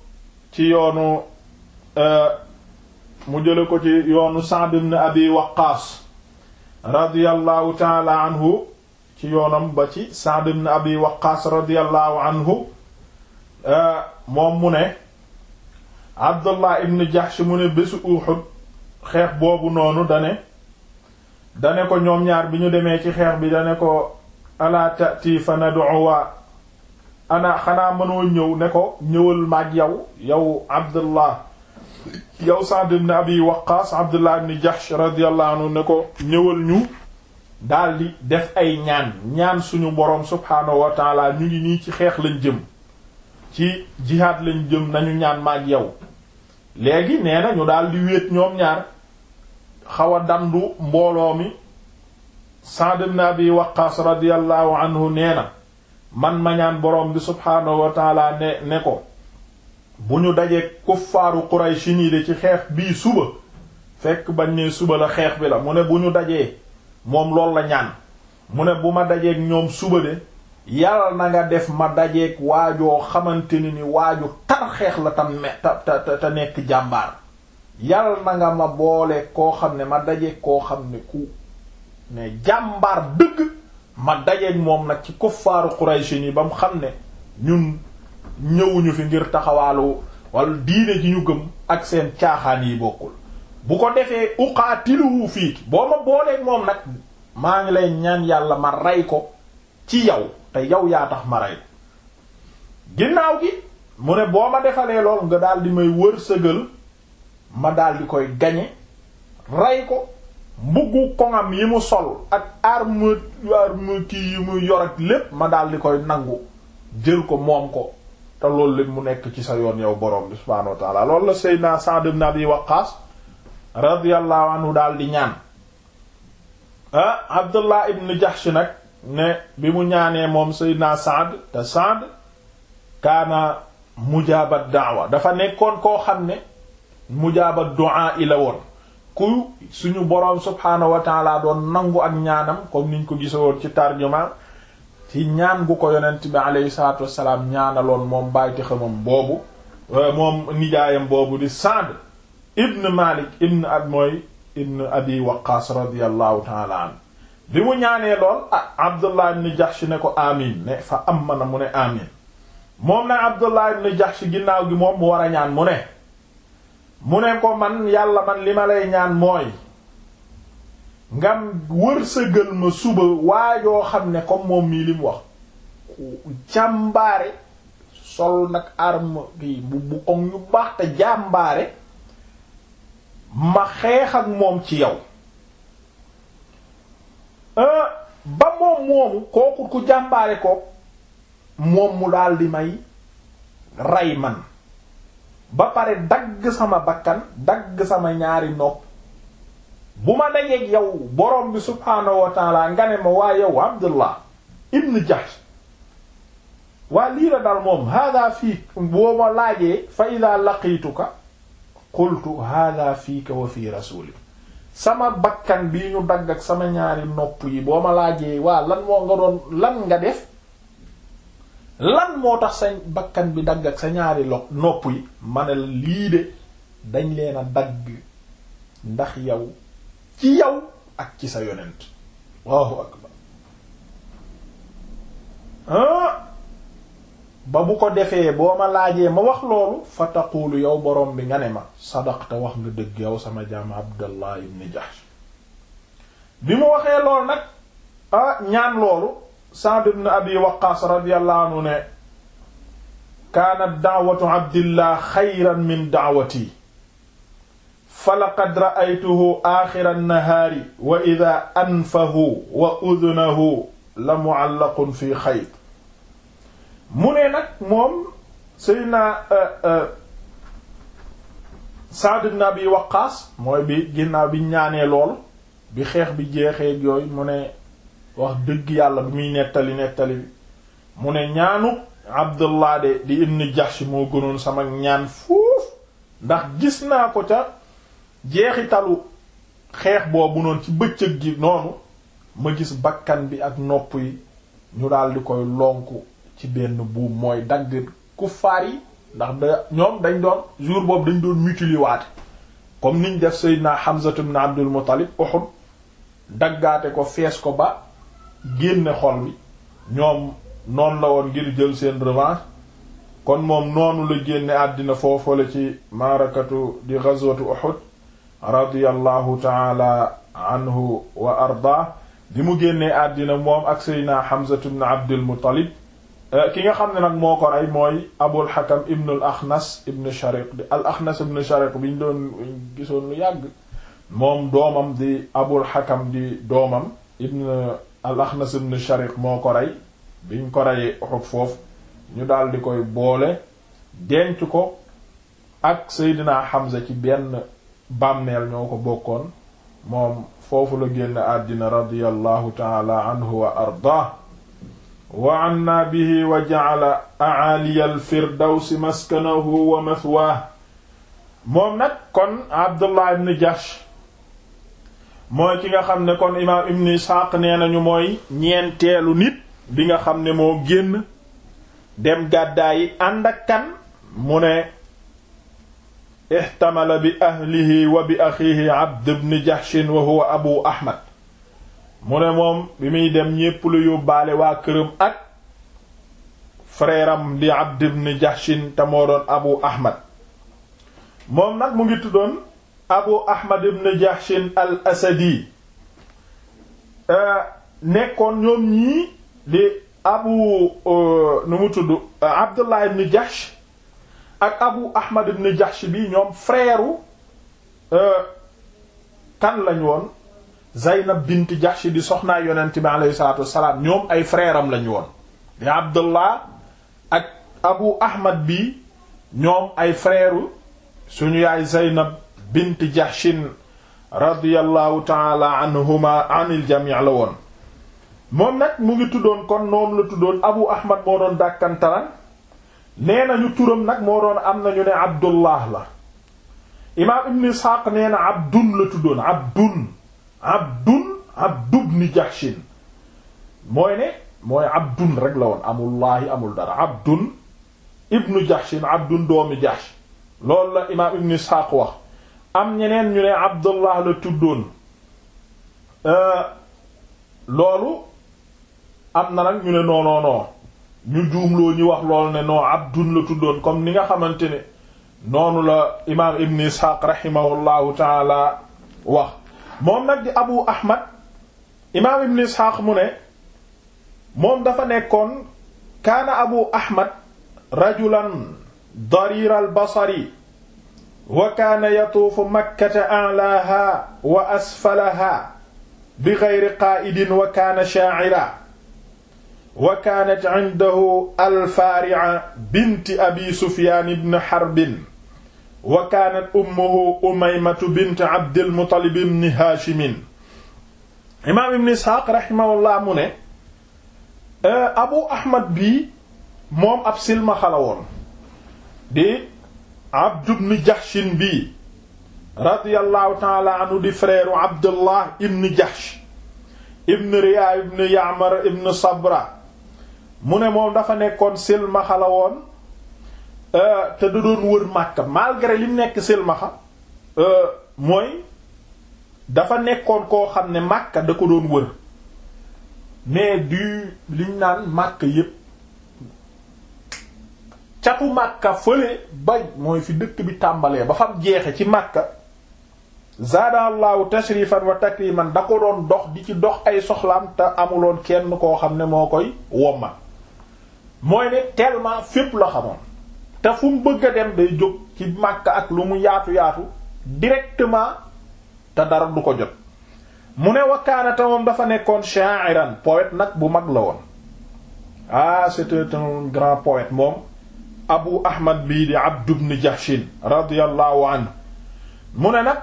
ci yoonu euh, mu jële ko ci yoonu Sa'd ibn Abi Waqqaas radiyallahu taala anhu ci yoonam ba ci Sa'd ibn Abi Waqqaas radiyallahu anhu euh, moom mu ne Abdullah ibn Jahsh mu ne bésu Uhud xeex boobu noonu dane dane ko ñoom ñaar bi ñu demee ci xeex bi dane ko alaa tati fa xanaa mënoo ñëw ne ko ñëwal maag yow yow abdullah yow Sa'd ibn Abi Waqqas Abdullah ibn Jahsh ne ko ñëwal ñu daldi def ay ñaan ñaan suñu boroom subhaanahu wa taala ñu ngi nii ci xeex lañ jëm ci jihaad lañ jëm nañu ñaan maag yow léegi nee na ñu daldi wéet ñoom ñaar xaw a dandu mbooloo mi Sa'd ibn Abi Waqqas radiyallahu anhu nee na man ma ñaan borom bi subhaanahu wa taala ne ne ko bu ñu dajee kuffaaru Quraysh nii de ci xeex bii suba fekk bañ ne suba la xeex bi la mu ne bu ñu dajee moom loolu la ñaan mu ne bu ma dajeek ñoom suba de yàlla na nga def ma dajeek waajoo xamante ni ni waaju tar xeex la tam ta ta te nekk jàmbaar yàlla na nga ma boole koo xam ne ma dajeek koo xam ne ku ne jàmbaar dëgg ma dajeeg moom nag ci kuffaaru Quraysh ni ba mu xam ne ñun ñëwuñu fi ngir taxawaalu wala diine ji ñu gëm ak seen caaxaan yi bokkul bu ko defee uqaatiluhu fiiki boo ma booleeg moom nag maa ngi lay ñaan yàlla ma rey ko ci yow te yow yaa tax ma rey ginnaaw gi mu ne boo ma defalee lool nga daal di may wërsëgal ma daal di koy gañe rey ko mbuggu koŋam yi mu sol ak arme kii yi mu yor lépp ma daal di koy nangu jël ko moom ko te loolu lépp mu nekk ci sa yoon yow borom bi subhaanahu wa taala loolu la Seydina Sa'd ibn Abi Waqqaas radiyallahu daal di ñaan ah Abdullah ibn Jahsh nag ne bi mu ñaanee moom Seydina Sa'd te Sa'd kaana mujaabat da'wa dafa nekkoon koo xam ne mujaabat du'a ila woon ku suñu boroom subhaanahu wa taala doon nangu ak ñaanam comme niñ ko gisoon ci tarjuma ci ñaan gu ko yonent bi alayhi salaatu wassalaam ñaanaloon moom bàyti xamam boobu euh, moom nijaayam boobu di Saad ibn Malik ibn ab mooy ibn Abi Waqqas radiyallahu taala bi mu ñaanee lool ah Abdullah ibn Jahsh ne ko amin ne fa am na mu ne amin moom nag Abdullah ibn Jahsh ginnaaw gi moom mu war a ñaan mu ne mu ne ko man yàlla man li ma lay ñaan mooy ngam wërsëgal ma suba yoo xam ne comme moom mii lim wax ku jàmbaare sol nag arme bi bu bu om yu baax te jàmbaare ma xeex ak moom ci yow euh, ba moom moomu kooku ku jàmbaare ko moom mu daal di may rey man ba pare dagg sama bakkan dagg sama ñaari nopp bu ma dajeeg yow borom bi subhaanahu wa nga ne ma waa yow Abdullah ibn Jahsh waa lii la dal moom hada fii boo ma laajee fa ida laqituka qultu hada fiika wa fii rasulik sama bakkan bii ñu dagg ak sama ñaari nopp yi boo ma laajee waa lan moo nga doon lan nga def lan moo tax sa bakkan bi dagg ak sa ñaari lo nopp yi ma ne lii de dañ leen a dagg ndax yow ci yaw ak ci sa yonent Allahu akbar ah! ba bu ko defee boo ma laajee ma wax loolu fa taqulu yow borom bi nga ne ma sadaqta wax nga dëgg yow sama jaam Abdallah ibn Jahsh bi mu waxee loolu nag ah, ñaan loolu Sa'd ibn Abi Waqqas radiyallahu anhu ne kaanat da'watu Abdillah xayran min da'wati falaqad ra'aytuhu aaxira nahaari wa idaa anfahu wa udunahu la mu'allaqun fi xayt mu ne nag moom Seydina eh, eh, Sa'd ibn Abi Waqqas mooy bi ginnaaw bi ñaanee lool bi xeex bi jeexee yooyu mu ne wax dëgg yàlla bi muy nettali nettali bi mu ne ñaanu Abdullah de di ibn Jahsh moo gënoon sama ñaan foofu ndax gis naa ko ca jeexi talu xeex boobu noonu ci bëccëg gi noonu ma gis bakkan bi ak nopp yi ñu daal di koy lonk ci benn buum mooy dagg kuffaar yi ndax da ñoom dañ doon jour boobu dañ doon mutili waate comme niñ def Seydina Hamza ibn Abdul Muttalib Uhud daggaate ko fees ko ba génne xol bi ñoom noonu la woon ngir jël seen kon moom noonu la génne àddina foofale ci maarakatu di ghazwatu Uhud radiyallahu taala anhu wa arda bi mu génnee àddina moom ak seydna Hamza ibn Abdul Muttalib eh, ki nga xam ne nag moo ko rey mooy Abul Hakam ibn al Akhnas Shariq bi ñu doon gisoon lu yàgg moom doomam di Abul Hakam di doomam al-Axnas ibn Shariq moo ko rey biñ ko reyee Uhud foofu ñu daal koy boole denc ko ak Seydina Hamza ci benn bàmmeel ñoo ko bokkoon moom foofu la génn àddina radiyallahu taala anhu wa ardah wa anna bihi wa ja'ala a'aliya al-firdawsi maskanahu wa mathwaahu moom nag Abdullah ibn Jahsh mooy ki nga xam ne kon imaam ibn Isxaaq nee nañu mooy ñeenteelu nit bi nga xam ne moo génn dem gàddaayi ànd ak kan mu ne ixtamala bi ahlihi wa bi axiihi Abd ibn Jahshin wa huwa Abu Ahmad mu ne moom bi muy dem ñépp lu yóbbaale waa këram ak frère am Abd ibn Jahshin te moo doon Abu Ahmad moom nag mu ngi tuddoon abu ahmad ibn jahshin al asadi euh, nekkoon ñoom ñii di abu euh, nu mu tudd euh, abdullah ibn jahsh ak abu ahmad ibn jahsh bi ñoom freeru kan lañ woon zaynab bint jahsh di soxnaa yonent bi aleyhi salatu wasalaam ñoom ay frère lañu lañ woon di abdullah ak abu ahmad bi ñoom ay frère suñu yaay zaynab bint jahshin radiyallahu taala anhuma anil jami la woon moom nag mu ngi tuddoon kon noonu la tuddoon abu ahmad moo doon dàkkantalan nee nañu turam nag moo doon am nañu ne abdullah la imaam ibn isxaaq nee na abdun la tuddoon abdun abdun abdubni jahshin mooy ne mooy abdun rek la woon amullaahi amul dara abdun ibnu jahshin abdun doomi jahsh loolu la imaam ibn isxaaq wax am ñeneen ñu ne Abdullah la tuddoon euh, loolu am na nag ñu ne non non non ñu juumloo ñu wax loolu ne non Abdun la tuddoon comme ni nga xamante ne noonu la imaam Ibn Ishaq rahimahullahu taala wax moom nag di Abu Ahmad imaam Ibn Ishaq mu ne moom dafa nekkoon kaana Abu Ahmad rajulan dariral basari wa kaana yatuufu makkata a'laaha wa asfalaha bi geyri qaa'idin wa kaana shaa'ira wa kaanat indahu alfaari'a binti abi sufyaan ibn harbin wa kaanat ummuhu umaymatu bint abdilmutalib ibn haashimin imaam ibn isxaaq rahimahullah mu ne eh, abu ahmad bii moom ab silmaxa la woon di Abd ibn Jahshin bi radiyallahu taala di frère Abdullah ibn Jahsh ibn Riyaa ibn Ya'mar ibn Sabra mu ne moom dafa nekkoon silmaxa la woon euh, te da doon wër Makka malgré li nekk silmaxa euh, mooy dafa nekkoon koo xam ne Makka da ko doon wër mais du liñ naan Makka yépp catu Makka fële ba mooy fi dëkk bi tàmbalee ba fam jeexe ci Makka zaada allahu tashrifan wa takriman da ko doon dox di ci dox ay soxlaam te amuloon kenn koo xam ne moo koy womma mooy ne tellement fépp la xamoon te fu mu bëgg dem day jóg ci Makka ak lu mu yaatu yaatu directement te dara du ko jot mu ne wakkaanate moom dafa nekkoon sha'iran poète nag bu mag la woon ah c'était un grand poète moom abu ahmad bii di abdu bnu jahshin radiyallahu anhu mu ne nag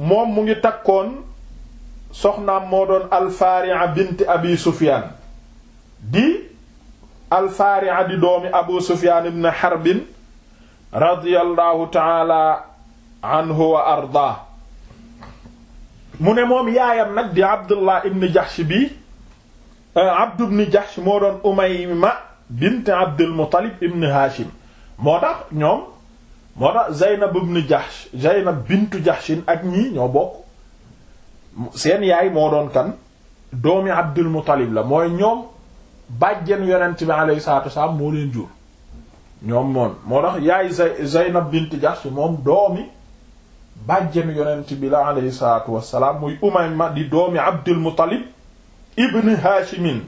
moom mu ngi takkoon soxnaam moo doon alfaari'a bint abi sufyaan di alfaari'a di doomi abu sufyaan harbin radiyallahu taala anhu wa ardaa mu ne moom yaayam nag di abdullah ibn jahsh bi eh, abdu bnu jahsh moo umayma bint Abdul ibn Hashim moo tax ñoom moo tax Zaynab ibn Jahsh Zaynab bintu Jahshin ak ñii ñoo bokk seen yaay moo doon kan doomi Abdul la mooy ñoom bàjjen yonent bi alayhi salaatu wasallam moo leen jur ñoom moom moo tax yaay Zaynab bint Jahsh moom doomi bàjjen yonent bi la salaatu wasallam muy Umayma di doomi Abdul ibn Haashimin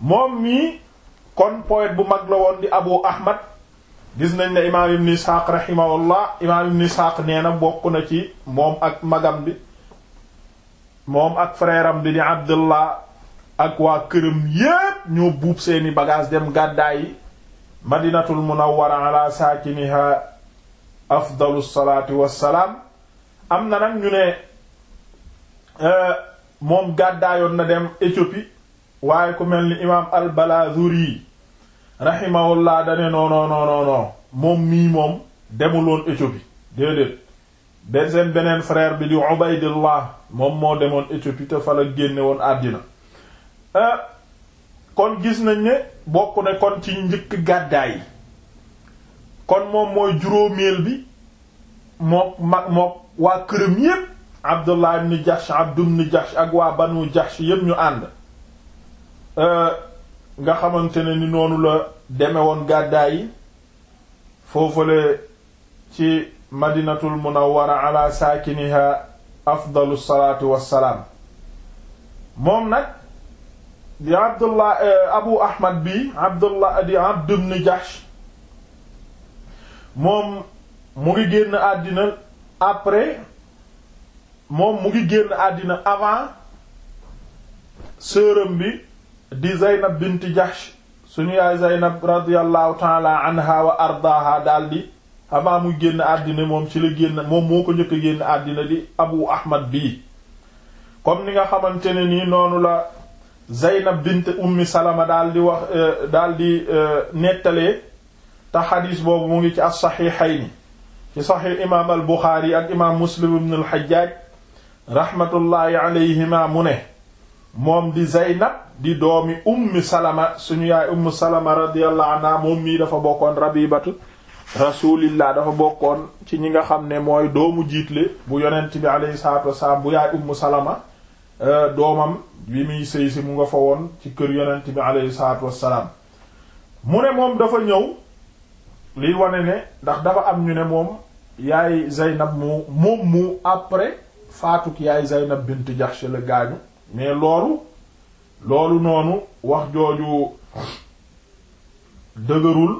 moom mii kon poète bu mag la woon di abu ahmad gis nañ ne imaam ibn isxaaq rahimahullah imaam ibn isxaaq nee na bokk na ci moom ak magam bi moom ak frère bi di abdullah ak waa këram yépp ñoo buub seeni bagage dem gàddaay yi madinatul munawwara ala saakiniha afdalu salaati wassalaam am na nag ñu ne euh, moom gàddaayoon na dem Éthiopie waaye ko mel ni imaam al-Balazuri rahimahullah dane non non non non moom mii moom demuloon Éthiopie déedéet benn seen beneen frère bi di Ubaydullah moom moo demoon Éthiopie te fa génne woon àddina euh, kon gis nañ ne bokk na kon ci njëkk gàddaay kon moom mooy juróomeel bi mook mag mook waa këram yépp Abdullah ibn Jahsh Abdu ibn Jahsh ak waa Banu Jahsh yépp ñu ànd Euh, nga xamante ne ni noonu la deme woon gàddaay yi foofale ci madinatul munawwara ala saakiniha afdalu salaatu wassalaam moom nag di abdullah euh, abu ahmad bi abdullah di abd ibn moom mu ngi génn àddina après moom mu ngi génn àddina avant sërëm bi di Zeynab bint Jahsh suñu yaay Zeynab radiyallahu taala anha wa ardaaha daldi avant muy génn àddina moom ci la génn moom moo ko njëkk génn àddina di Abu Ahmad bii comme ni nga xamante ne nii noonu la Zeynab bint Ummi Salama daldi wax euh, di euh, nettalee te xadiis boobu mu ngi ci as-Saxiixayni ci saxiix imaam al Buxaari ak imaam Muslim ibn al Xajjaaj alayhima mu ne moom di Zeynab di doomi ummi salama suñu yaay ummu salama radiyallahu anha moom mii dafa bokkoon rabibatu rasulillah dafa bokkoon ci ñi nga xam ne mooy doomu jiitle bu yonent bi alayhi salatu wasalaam bu yaay ummu salama euh, doomam bi muy sëy si mu nga fa woon ci kër yonent bi alayhi salatu wasalaam mu ne moom dafa ñëw liy wane ne ndax dafa am ñu ne moom yaay Zeynab mu moom mu après faatuk yaay Zeynab bint Jahsh la gaañu mais loolu loolu noonu wax jooju dëgërul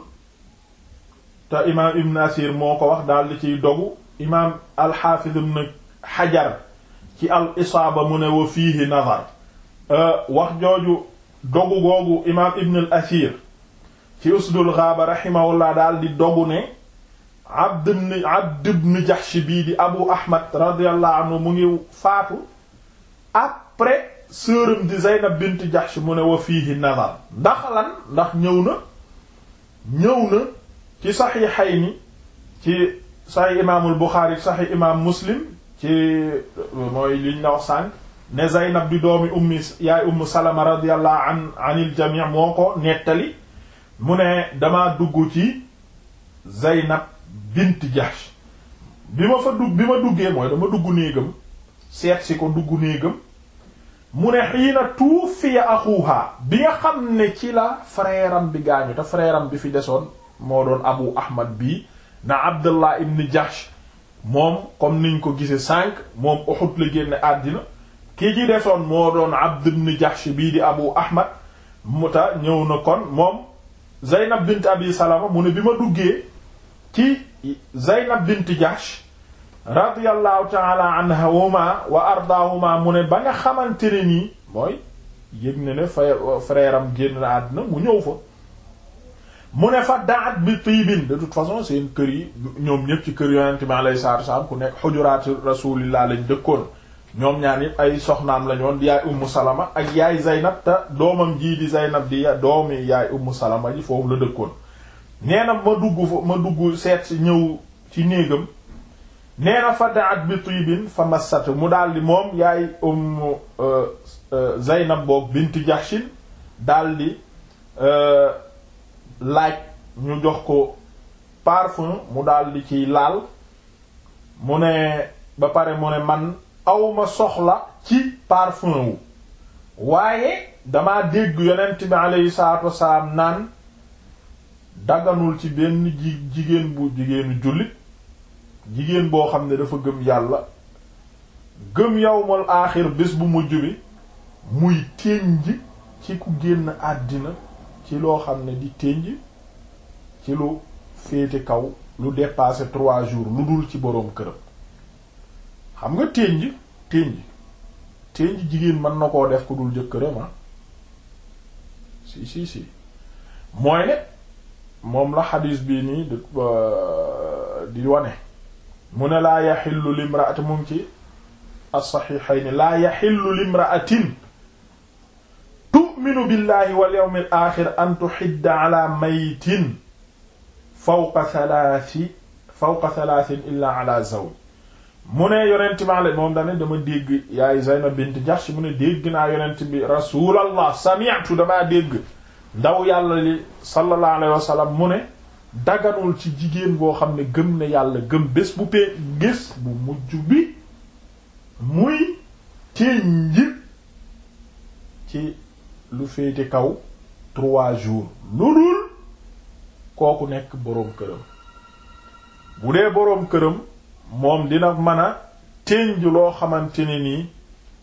te imaam ibn asir moo ko wax daal di ciy dogu imaam alxaafiz ibn xajar ci al isaaba mu ne wa fiihi nazar euh, wax jooju dogu googu imaam ibn asir ci usdul gaaba rahimahullah daal di dogu ne abd ibn abd ibn di abu ahmad radiyallahu anhu mu ngi faatu ak après sœuram di Zaynab bint Jahsh mu ne wa fiihi nazar ndax lan ndax ñëw na ñëw na ci Sahihayni ci Sahih imaamul Bukhari Sahih imaam Muslim ci euh, mooy liñ na wax sànq ne Zaynab di doomi ummi yaay ummu Salama radiyallahu an anil jamii moo ko nettali mu ne dama dugg ci Zaynab bint Jahsh bi ma fa dugg bi ma duggee mooy dama dugg néegam seet si ko dugg néegam mu ne xiina tuufiya axuha bi nga xam ne ci la frère am bi gaañu te bi fi desoon moo doon abu ahmad bii na abdullah ibn jahsh moom comme niñ ko gise cinq moom Uhud la génne àddina kii ci desoon moo doon abd jahsh bii di abu ahmad muta ñëw na kon moom zaynab bint abi salama mu ne bi ma duggee ci zaynab bint jahsh radiyallahu taala anhuma wa ardaahuma mu ne ba nga xamante ne nii mooy yëg na ne frère génn àddina mu ñëw fa mu ne fa daat bi tiibin de toute façon seen kër yi ñoom ñëpp ci kër yonent bi alayhi salaatu wasalaam ku nekk xujuraati rasulillah lañ dëkkoon ñoom ñaan yëpp ay soxnaam lañ woon di yaay ummu salama ak yaay zaynab te doomam jii di zaynab di doomi yaay ummu salama ji foofu la dëkkoon nee na ma dugg fa ma dugg seet si ñëw ci néegam nee na fa daat bi tibin fa massatu mu daldi moom yaay um Zaynab boog bint Jahshin daldi euh, laaj ñu jox ko parfum mu daldi ciy laal mu ne ba pare mu ne man awma soxla ci parfum wu waaye dama dégg yonent bi aleyhi salaatu wasalaam naan daganul ci benn jigéen bu jigéenu jullit jigéen boo xam ne dafa gëm yàlla gëm yawmal aaxir bés bu mujj bi muy ténj ci ku génn àddina ci loo xam ne di ténj ci lu féete kaw lu dépassé trois jours lu dul ci boroom këram xam nga ténj ténj ténj jigéen mën na koo def ku dul jëkkëram ah si si si mooy ne moom la xadiis bii nii di euh, wane mu ne laa yaxillu limraati mu ngi ci as-saxiixayni laa yaxillu limraatin tu'minu billahi wal yawmil aaxir an tuxidda ala maytin fawqa thalathi fawqa thalathin illa ala zawj mu ne yonent bi ale moom dane dama dégg yaay Zaynab bint Jahsh mu ne dégg naa yonent bi rasulallah sami'tu damaa dégg ndaw yàlla li sallallahu alayhi wa sallam mu ne daganul ci jigéen boo xam ne gëm na yàlla gëm bés bu pee gis bu mujj bi muy téye njit ci lu féete kaw trois jours lu dul kooku nekk boroom këram bu dee boroom këram moom dina mën a ténj loo xamante ne nii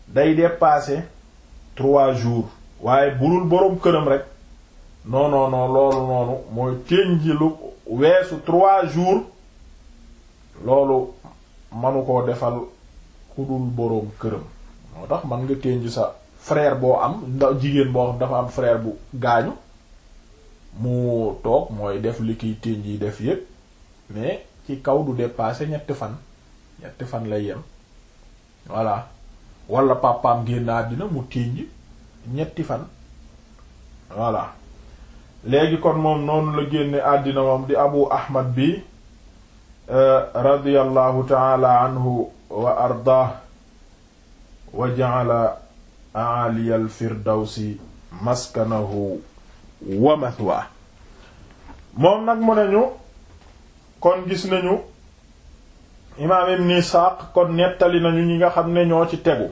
day dépasser trois jours waaye burul boroom këram rek non non non loolu noonu mooy ténji lu weesu trois jours loolu manu koo defal ku dul boroom këram moo tax man nga ténji sa frère boo am ndaw jigéen boo xam dafa am frère bu gaañu mu toog mooy def li kiy ténji def yépp mais ci kaw du dépasser ñetti fan ñetti fan lay yem voilà wala papaam génn àddina mu ténji ñetti fan voilà léegi kon moom noonu la génne àddina moom di abu ahmad bi euh, radiyallahu taala anhu wa ardaah wa ja'ala a'ali al-firdawsi maskanahu wa mathwa moom nag mu nañu kon gis nañu imaam ibn Isaaq kon nettali nañu ñi nga xam ne ñoo ci tegu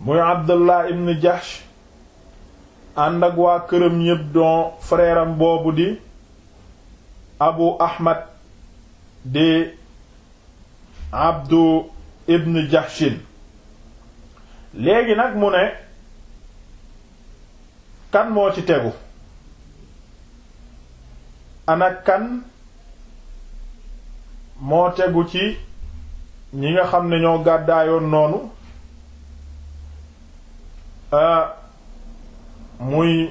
muy Abdullah ibn Jahsh ànd ak waa këram yépp don frère boobu di abu ahmad di abdu ibn jahshin léegi nag mu ne kan moo ci tegu ana kan moo tegu ci ñi nga xam ne ñoo gàddaayoon noonu euh, muy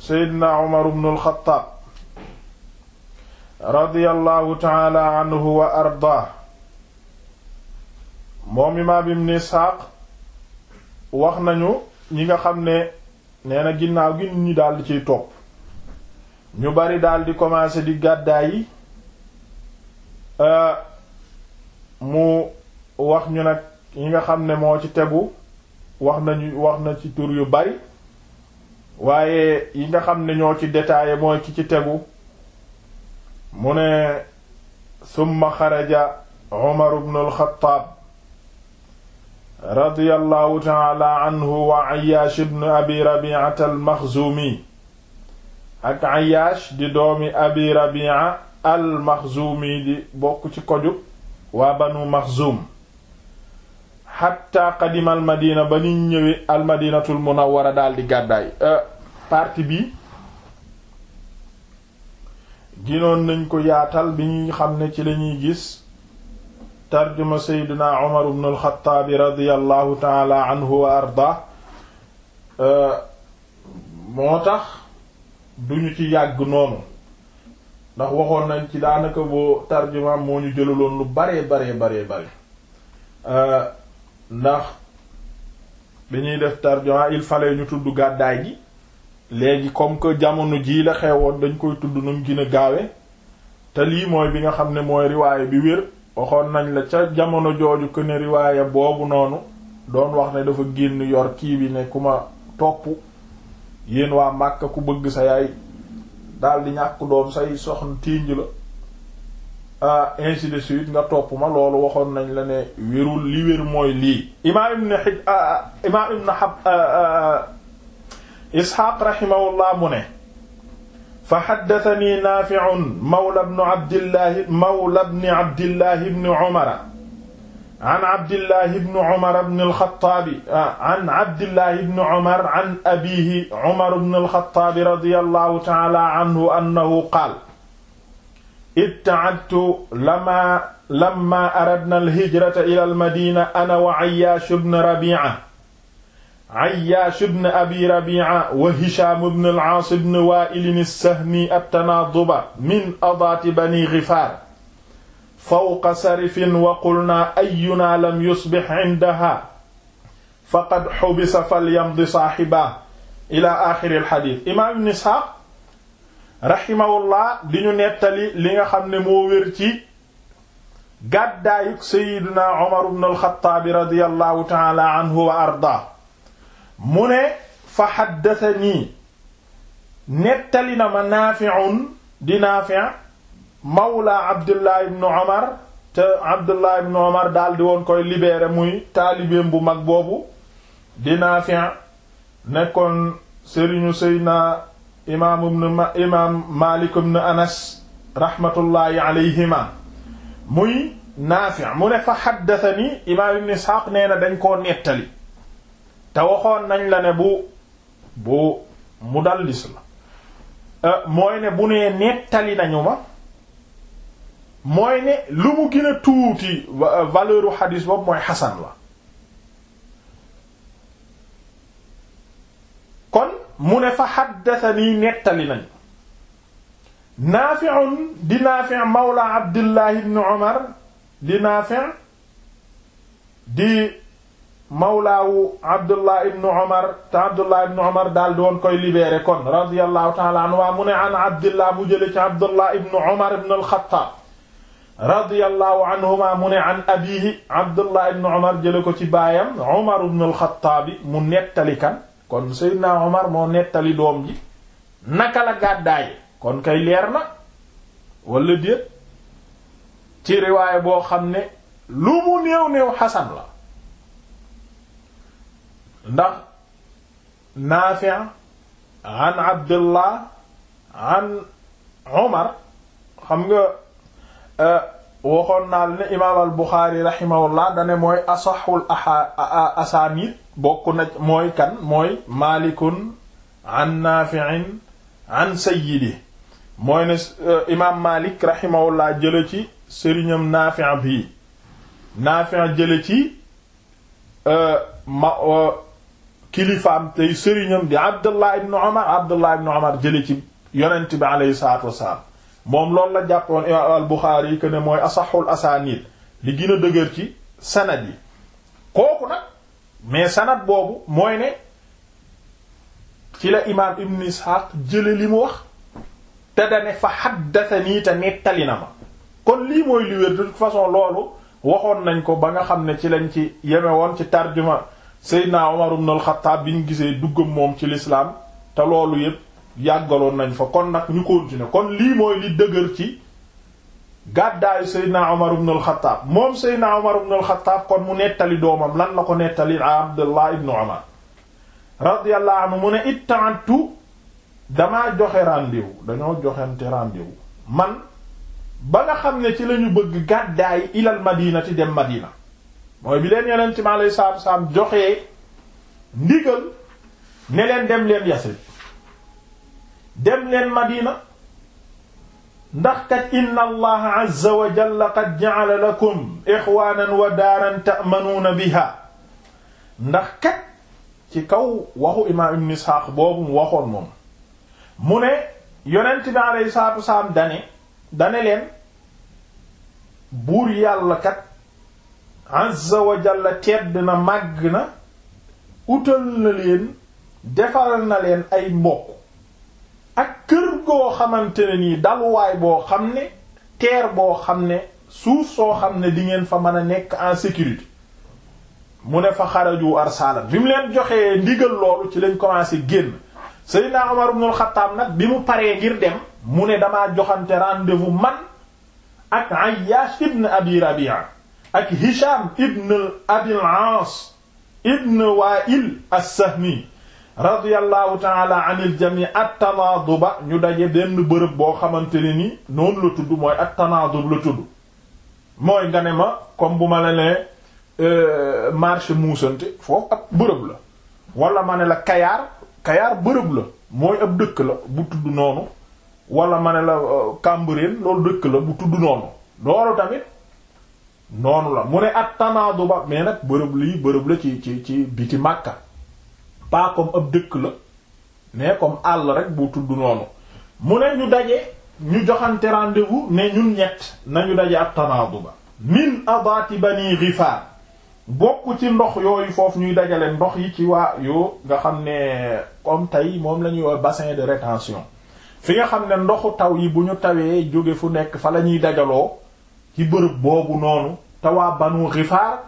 seydina umar bnu alxataab radiallahu taala anhu wa ardaa moom imaam ibn isxaaq wax nañu ñi nga xam ne nee ginnaaw gi ñi daldi ciy topp ñu bari daldi commencé di gàddaay yi mu wax ñu nag ñi nga xam ne moo ci tegu wax nañu wax na ci tur yu bari waaye yi nga xam ne ñoo ci détaillé mooy ki ci tegu mu ne summa xaraja Umar ibn al-Khattab radiyallahu ta'ala anhu wa Ayyash ibn Abi Rabi'a al-Makhzumi ak Ayyash di doomi Abi Rabi'a al-Makhzumi di bokk ci koju waa Banu Makhzum xatta qadima al madina ba ñu ñëwee al madinatul munawwara daal di gàddaay euh, partie bi ginoon nañ ko yaatal bi ñu xam ne ci lañuy gis tarjuma seydina umar ibn al xattaab radiyallahu anhu wa arda euh, moo tax duñu ci yàgg noonu ndax waxoon nañ ci daanaka boo tarjuma moo ñu jëlaloon lu bare bare bare bare ndax dañuy ñuy def tarjuma il fale ñu tudd gàddaay gi léegi comme que jamono jii la xewoon dañ koy tudd nu mu gën gaawe te lii mooy bi nga xam ne mooy riwaaya bi wér waxoon nañ la ca jamono jooju ko ne riwaaya boobu noonu doon wax ne dafa génn yor kii bi ne ku ma topp yéen waa Màkka ku bëgg sa yaay daldi ñàkk doom say soxna ténj la Ah, ainsi de suite nga topp ma loolu waxoon nañ la ne wérul li wér mooy lii imaam ibn xib ah, ah, imaam ibn xab isxaaq raximahullah mu ne fa xaddatani naafiun mawla bnu abdillahi mawla bni abdillahi bni umara an abdillahi bni umara bni alxataabi an abdillahi bni umar an abiihi umar bni alxataabi radiyallahu taala anhu annahu qaala ittaattu lama lamma aradna alhijrata ila almadina ana wa Ayyaash ibn Rabi'a Ayyaash ibn Abi Rabi'a wa Hishaam ibn al-Aas ibn Waa'il as-Sahmi at-Tanaaduba min adaati Bani Ghifaar fawqa sarifin wa qulnaa ayyunaa lam yusbih 'indahaa faqad hubisa falyamdi saahibahu ilaa aaxiril hadiis imaam Ibn Isxaaq rahimahullah di ñu nettali li nga xam ne moo wér ci gàddaayuk sayiduna omar ibn alxataabi radiallahu taala anhu wa arda mu ne fa xaddatanii nettali na ma naafiun di naafi' mawla abdullah ibn omar te abdullah ibn omar daal di woon koy libeere muy taalibeem bu mag boobu di naafi' nekkoon sëriñu sayiduna imaam imaam Maalik ibn Anas rahmatullahi alayhima muy Naafi' mu ne fa haddathani imaam ibn Isxaaq nee na dañ koo nettali te waxoon nañ la ne bu bu mudallis la euh, mooy ne bu nee nettali nañu ma mooy ne lu mu gën a tuuti valeuru xadiis boobu mooy xasan la mu ne fa xaddatanii nettali nañ naafiun di naafi mawla abdillahi ibni omar di naafi di mawlaawu abdullah ibnu omar te abdullah ibnu omar daal di woon koy libéré kon radiallahu taala anhu waa mu ne an abdillah mu jële ci abdullah ibnu omar ibn alxataab radiallahu anhuma mu ne an abihi abdullah ibnu omar jële ko ci baayam omar ibn alxataabi mu nettali kan kon Seydina Omar moo nettali doom ji naka la gàddaaye kon kay leer na walla déet ci riwaay boo xam ne lu mu néew néew xasan la ndax Naafi an Abdullah an Omar xam nga euh, waxoon naa ne imaam al Buxaari rahimahullah dane mooy asaxul aaa asaanid mooy kan mooy maalikun an naafi'in an sayyidi mooy ne euh, imaam Maalik rahimahullah jële ci sëriñam Naafi' bi Naafi' jële ci euh, ma euh, kilifaam tey sëriñam di Abdullah ibn Umar Abdullah ibn Umar jële ci yonent bi aleyhi salaatu wassalaam moom loolu la jàppoon imaam al-Buxaari yi que ne mooy asaxul asaanid li gën a dëgër ci sanad yi kooku nag mais sanad boobu mooy ne ci la imaam Ibn Ishaq jële li mu wax te dane fa xaddatanii te nettali na ma kon lii mooy li wér façon loolu waxoon nañ ko ba nga xam ne ci lañ ci yeme woon ci tarjuma Seydina Umar ibn al-Khattab bi ñu gisee duggam moom ci l'islam te loolu yépp yàggaloon nañ fa kon nag ñu continuer kon lii mooy li dëgër ci gàddaayu Seydina Omar ibn al-Khattab moom Seydina Omar ibn al-Khattab kon mu nettali doomam lan la ko nettali Abdullah ibn Omar radiyallahu anhu mu ne ittaantu damaa joxe rendez dañoo joxente rendez man ba nga xam ne ci la ñu bëgg gàddaay ilal madinati dem madina mooy bi leen yeneen ma lay saam saam joxe ndigal ne leen dem leen Yasrib dem leen Madina ndax kat inna allaha azza wa jalla qad lakum ixwaanan wa daaran ta'manuuna biha ndax kat ci kaw waxu imaam ibn Isxaaq boobu mu waxoon moom mu ne yonent bi alayhi salaatu wasalaam dane dane leen buur yàlla kat azza wa jalla tedd na màgg na utal na leen defal na leen ay mbokk kër goo xamante ne nii daluwaay boo xam ne terre boo xam ne suuf soo xam ne di ngeen fa mën a nekk en sécurité mu ne fa xaraju arsaalan bi mu leen joxee ndigal loolu ci lañ commencé génn Seydina Omar ibn al-Khattab nag bi mu paree ngir dem mu ne dama joxante rendez-vous man ak Ayyash ibn Abi ak Hisham ibn Abi al-Aas ibn Wa'il as radiyallahu taala anil jami at ba ñu daje benn bërëb boo xamante ne ni noonu la tudd mooy at-tanaadub la tudd mooy nga ne ma comme bu ma la nee euh, marché muusante foofu ab bërëb la wala ma ne la kayaar kayaar bërëb la mooy ab dëkk la bu tudd noonu wala ma ne la euh, Cambérène loolu dëkk la bu tudd noonu loolu tamit noonu la mu ne at-tanaaduba mais nag bërëb lii bërëb la ci ci ci biti Makka pas comme ab dëkk la mais comme àll rek bu tudd noonu mu ne ñu daje ñu joxante rendez-vous ne ñun ñett nañu daje ak tanaaduba min abati bani rifaar bokk ci ndox yooyu foofu ñuy dajale ndox yi ci waa yoo nga xam ne comme tey moom la ñuy wax bassin de rétention fi nga xam ne ndoxu taw yi bu ñu tawee jóge fu nekk fa la ñuy dajaloo ci bërëb boobu noonu te waa banu rifaar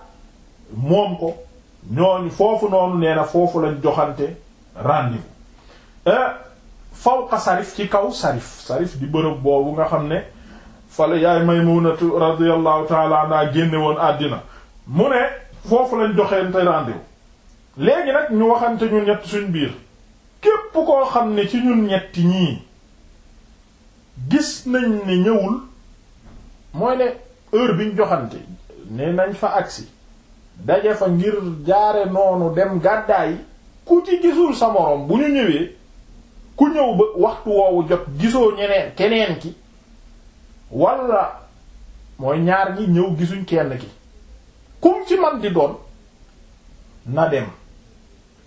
moom ko ñooñu foofu noonu nee na foofu lañ joxante rendez-vous euh, fawqa sarif ci kaw sarif sarif di bërëb boobu nga xam ne fale yaay maymunatu radiyallahu taala anha génne woon àddina mu ne foofu lañ joxante rendez-vous léegi nag ñu waxante ñu ñett suñ biir képp koo xam ne ci ñun ñetti ñii gis nañ ne ñëwul mooy ne heure biñ joxante ne nañ fa agsi daje fa ngir jaare noonu dem gàddaay ku ci gisul sa moroom bu ñu ñëwee ku ñëw ba waxtu woowu jot gisoo ñeneen keneen ki walla mooy ñaar ñi ñëw gisuñ kenn ki kum ci man di doon na dem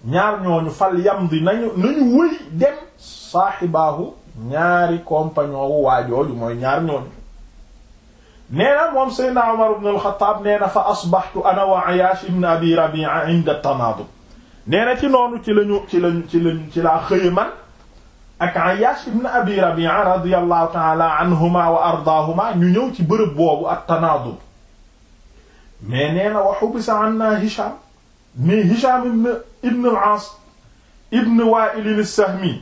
ñaar ñooñu fal yam di nañu nañu wëy dem saaxibaahu ñaari compagnon wu waajooju mooy ñaar ñooñu nee na moom Seydina Umar ibn al-Khattab nee na fa asbahtu ana wa Ayaash ibn Abi Rabi'a inda tanaadub nee na ci noonu ci lañu ci lañ ci lañ ci laa xëye man ak Ayaash ibn Abi Rabi'a radiyallahu ta'ala anhuma wa ardaahuma ñu ñëw ci bërëb boobu ak tanaadub mais nee na wa hubisa anna Hisham mais Hisham ibn ibn al-Aas ibn Wa'il as-Sahmi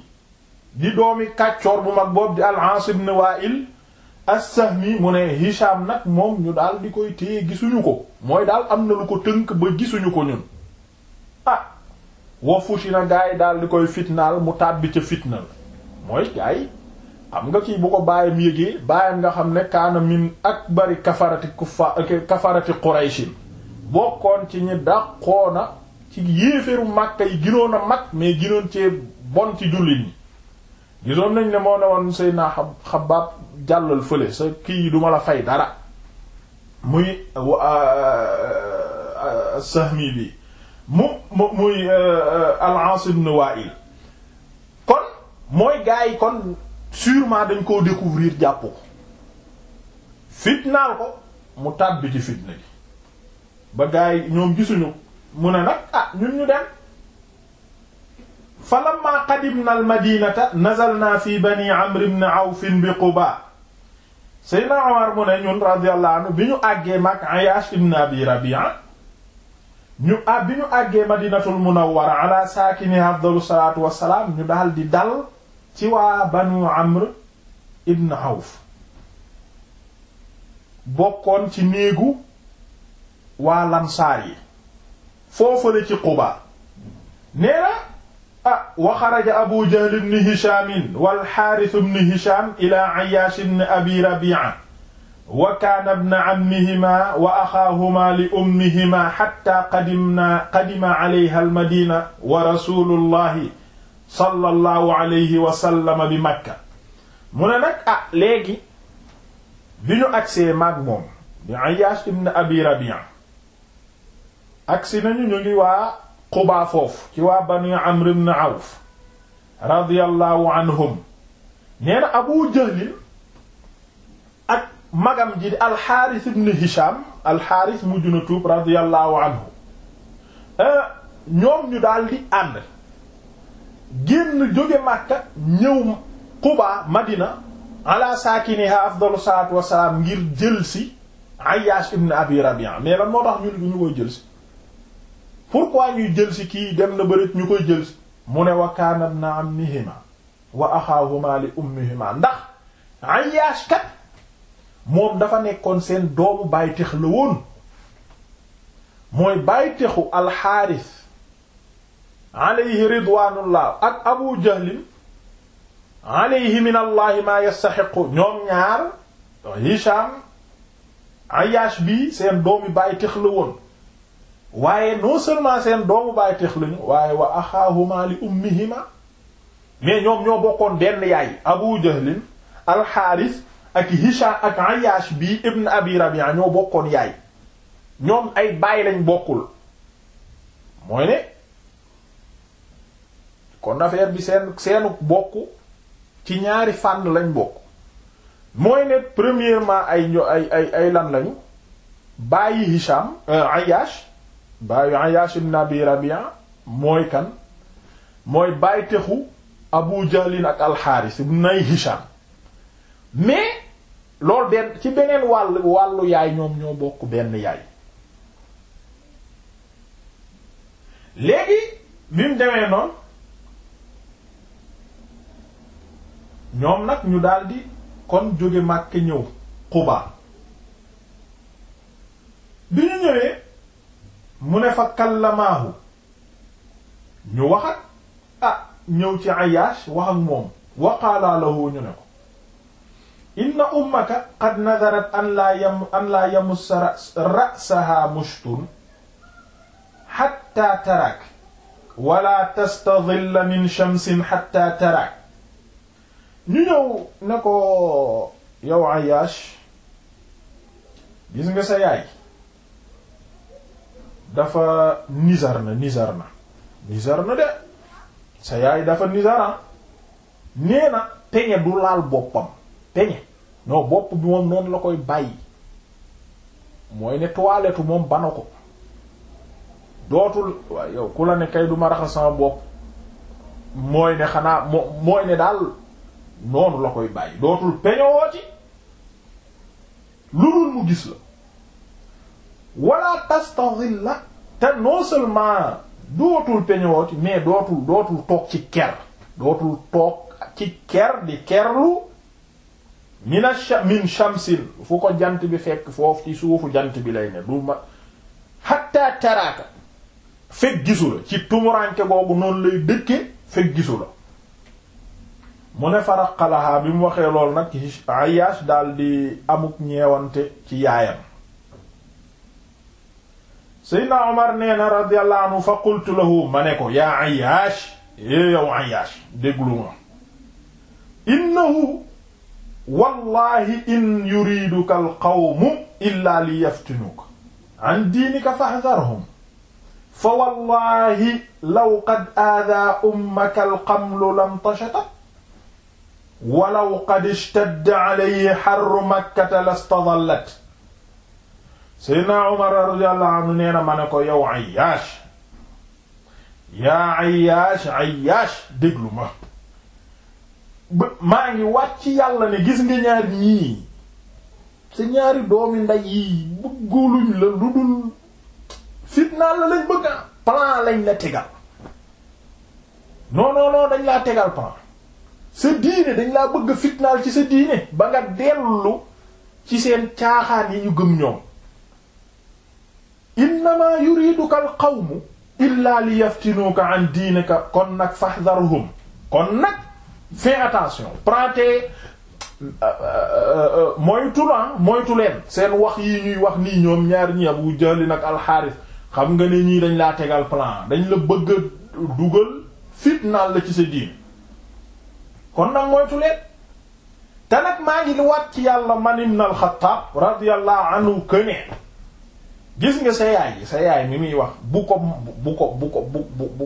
di doomi kàccoor bu mag boobu di al-Aas ibn Wa'il as-Sahmi mu ne Hisham nag moom ñu daal di koy téye gisuñu ko mooy daal am na lu ko tënk ba gisuñu ko ñun ah wa fushina gaa yi daal di koy fitnaal mu tàbbi ca fitna la mooy gaa yi nga kii bu ko baayam yégee baayam nga xam ne kaana ak akbari kafarati kufa kafarati Qurayshin bokkoon ci ñi dàqoona ci yéeféeru Makka yi ginoon a mag mais ginoon cee bon ci jullit ñi gisoon nañ ne moo ne woon say naa xabaab jàllal fële sa kii yi duma la fay dara muy sahmi bi mu mu muy al-As ibn Wa'il kon mooy gars yi kon sûrement dañ koo découvrir jàpp ko fitnaal ko mu tàbbi ci fitna gi ba gars yi ñoom gisuñu mu ne nag ah ñun ñu dem fa na qadimna almadinata nazalna fi bani amr ibn awf bi quba seydna omar mu ne ñun radiyallahu anhu bi ñu àggee mag ayash ibn abi rabia ñu ah bi ñu àggee madinatul munawwara ala saakini afdalu salaatu ñu daal dal ci waa banu amr ibn awf bokkoon ci néegu waa lansaar yi foofale ci quba nee Ah, wa xaraja abu jahl ibn hisham wal xaaris ibn hisham ila ayyash ibn abi rabi'a wa kaana ibn ammihima wa axaahuma li ummihima xatta qadimna qadima alayha al madina wa rasulullahi sallallahu alayhi wa sallam bi makka mu ne nag ah léegi bi ñu agsee maag moom di ayyash ibn abi rabi'a agsi nañu ñu ngi waa xubaa foofu ci waa banu amr ibn awf radiyallahu anhum nee abu jahlin ak magam ji alxaaris ibn hisham alxaaris mujj na tuub eh, ñoom ñu daldi di ànd génn jóge màkka ñëw xubaa madina ala saakiniha afdalu salaatu wassalaam ngir jëlsi ayyash ibn abi rabi'a mais lan moo tax ñu ñu koy jëlsi pourquoi ñuy jël si kii dem na bërit ñu koy jël si mu ne wa kaana ibn wa axaahuma li ummihima ndax Ayyash kat moom dafa nekkoon seen doomu bàytix la woon mooy bàytixu alxaaris alayhi ridwaanullah ak abu jahlin alayhi min allahi yastaxiqu ñoom ñaar Hisham Ayyash bi seen doomi bàytix la woon waaye non seulement seen doomu baay tex lañu waaye wa axaahuma li ummihima mais ñoom ñoo bokkoon benn yaay abu jahlin alxaaris ak hisham ak ayash bii ibn abi rabia ñoo bokkoon yaay ñoom ay baay lañ bokkul mooy ne kon affaire bi seenu bokk ci ñaari fànn lañ bokk mooy ne premièrement ay lan lañu bàyyi hisham euh, ayash baayu Ayaash ibn Rabi'a mooy kan mooy baay texu Abu Jahlin ak Alxaaris ibn Hisham mais loolu benn ci beneen wàll wàllu yaay ñoom ñoo bokk benn yaay léegi bi mu demee ñoom nag ñu daldi kon jóge Màkka ñëw Quba bi ñu ñëwee mu ne fa kallamaahu ñu waxat ah ñëw ci Ayyash wax ak moom wa qaala lahu ñu ne ko inna ummaka qad nadarat an laa yam an laa yamussa ra'saha mushtun hatta tarak wala tastadilla min shamsin hatta tarak ñu ñëw ne ko yow Ayyash gis nga sa yaay dafa nizar na nizar na nizar na de sa yaay dafa nizara ah. nee na peñe du laal boppam peñe non bopp moom noonu la koy bàyyi mooy ne toilette moom bana ko dootul waaye yow ku la ne kay du ma raxas sama bopp mooy ne xanaa moo mooy ne daal noonu la koy bàyyi dootul peñoo ci lu dul mu gis la wala tastazilla te non seulement dootul peñooti mais dootul dootul toog ci ker dootul toog ci ker di kerlu mina min shamsin fu ko jant bi fekk foofu ci suufu jant bi lay ne du ma hatta taraaka fekk gisu la ci tumuranke boobu noonu lay dëkke fekk gisu la mu ne faraqalaha bi mu waxee lool nag Ayyash daal di amuk ñeewante ci yaayam Seydina Omar nee na radiyallahu anhu fa qultu lahu ma ne ko yaa Ayyaash é eh, yow Ayyaash déglu ma innahu wallahi in yuriduka al qawmu illa li yaftinuka an diinika fahdharhum fa wallahi law qad aadaa ummaka al qamlu lam tashatat wa law qad ishtadda alayhi harru makkata lastadallat seydna umar radiyallahu anhu nee na ma ne ko yow Ayyaash yaa Ayyaash Ayyaash déglu ma maa ngi wàcc yàlla ne gis nga ñaar ñii sa ñaari doomi nday yi bëgguluñ la lu dul fitna la lañ bëgg a lañ la tegal non dañ laa tegal plan sa diine dañ laa bëgg fitnaal ci sa diine ba nga dellu ci seen caaxaan yi ñu gëm ñoom innamaa yuriiduka alqawmu illaa li yaftinuuka an diinika kon nag fahdharhum kon nag fais attention prêtez euh, euh, euh, moytu leen seen wax yi ñuy wax nii ñoom ñaar ñi Abu Jahl nag alxaaris xam nga ne ñii dañ laa tegal plan dañ la bëgg a dugal fitnaal la ci sa diin kon nag moytu leen te nag maa ngi li waat ci yàlla man ibn al-Xattaab radiyallahu anhu kënee gis nga sa yaay sa yaay mi muy wax bu ko bu ko bu ko bu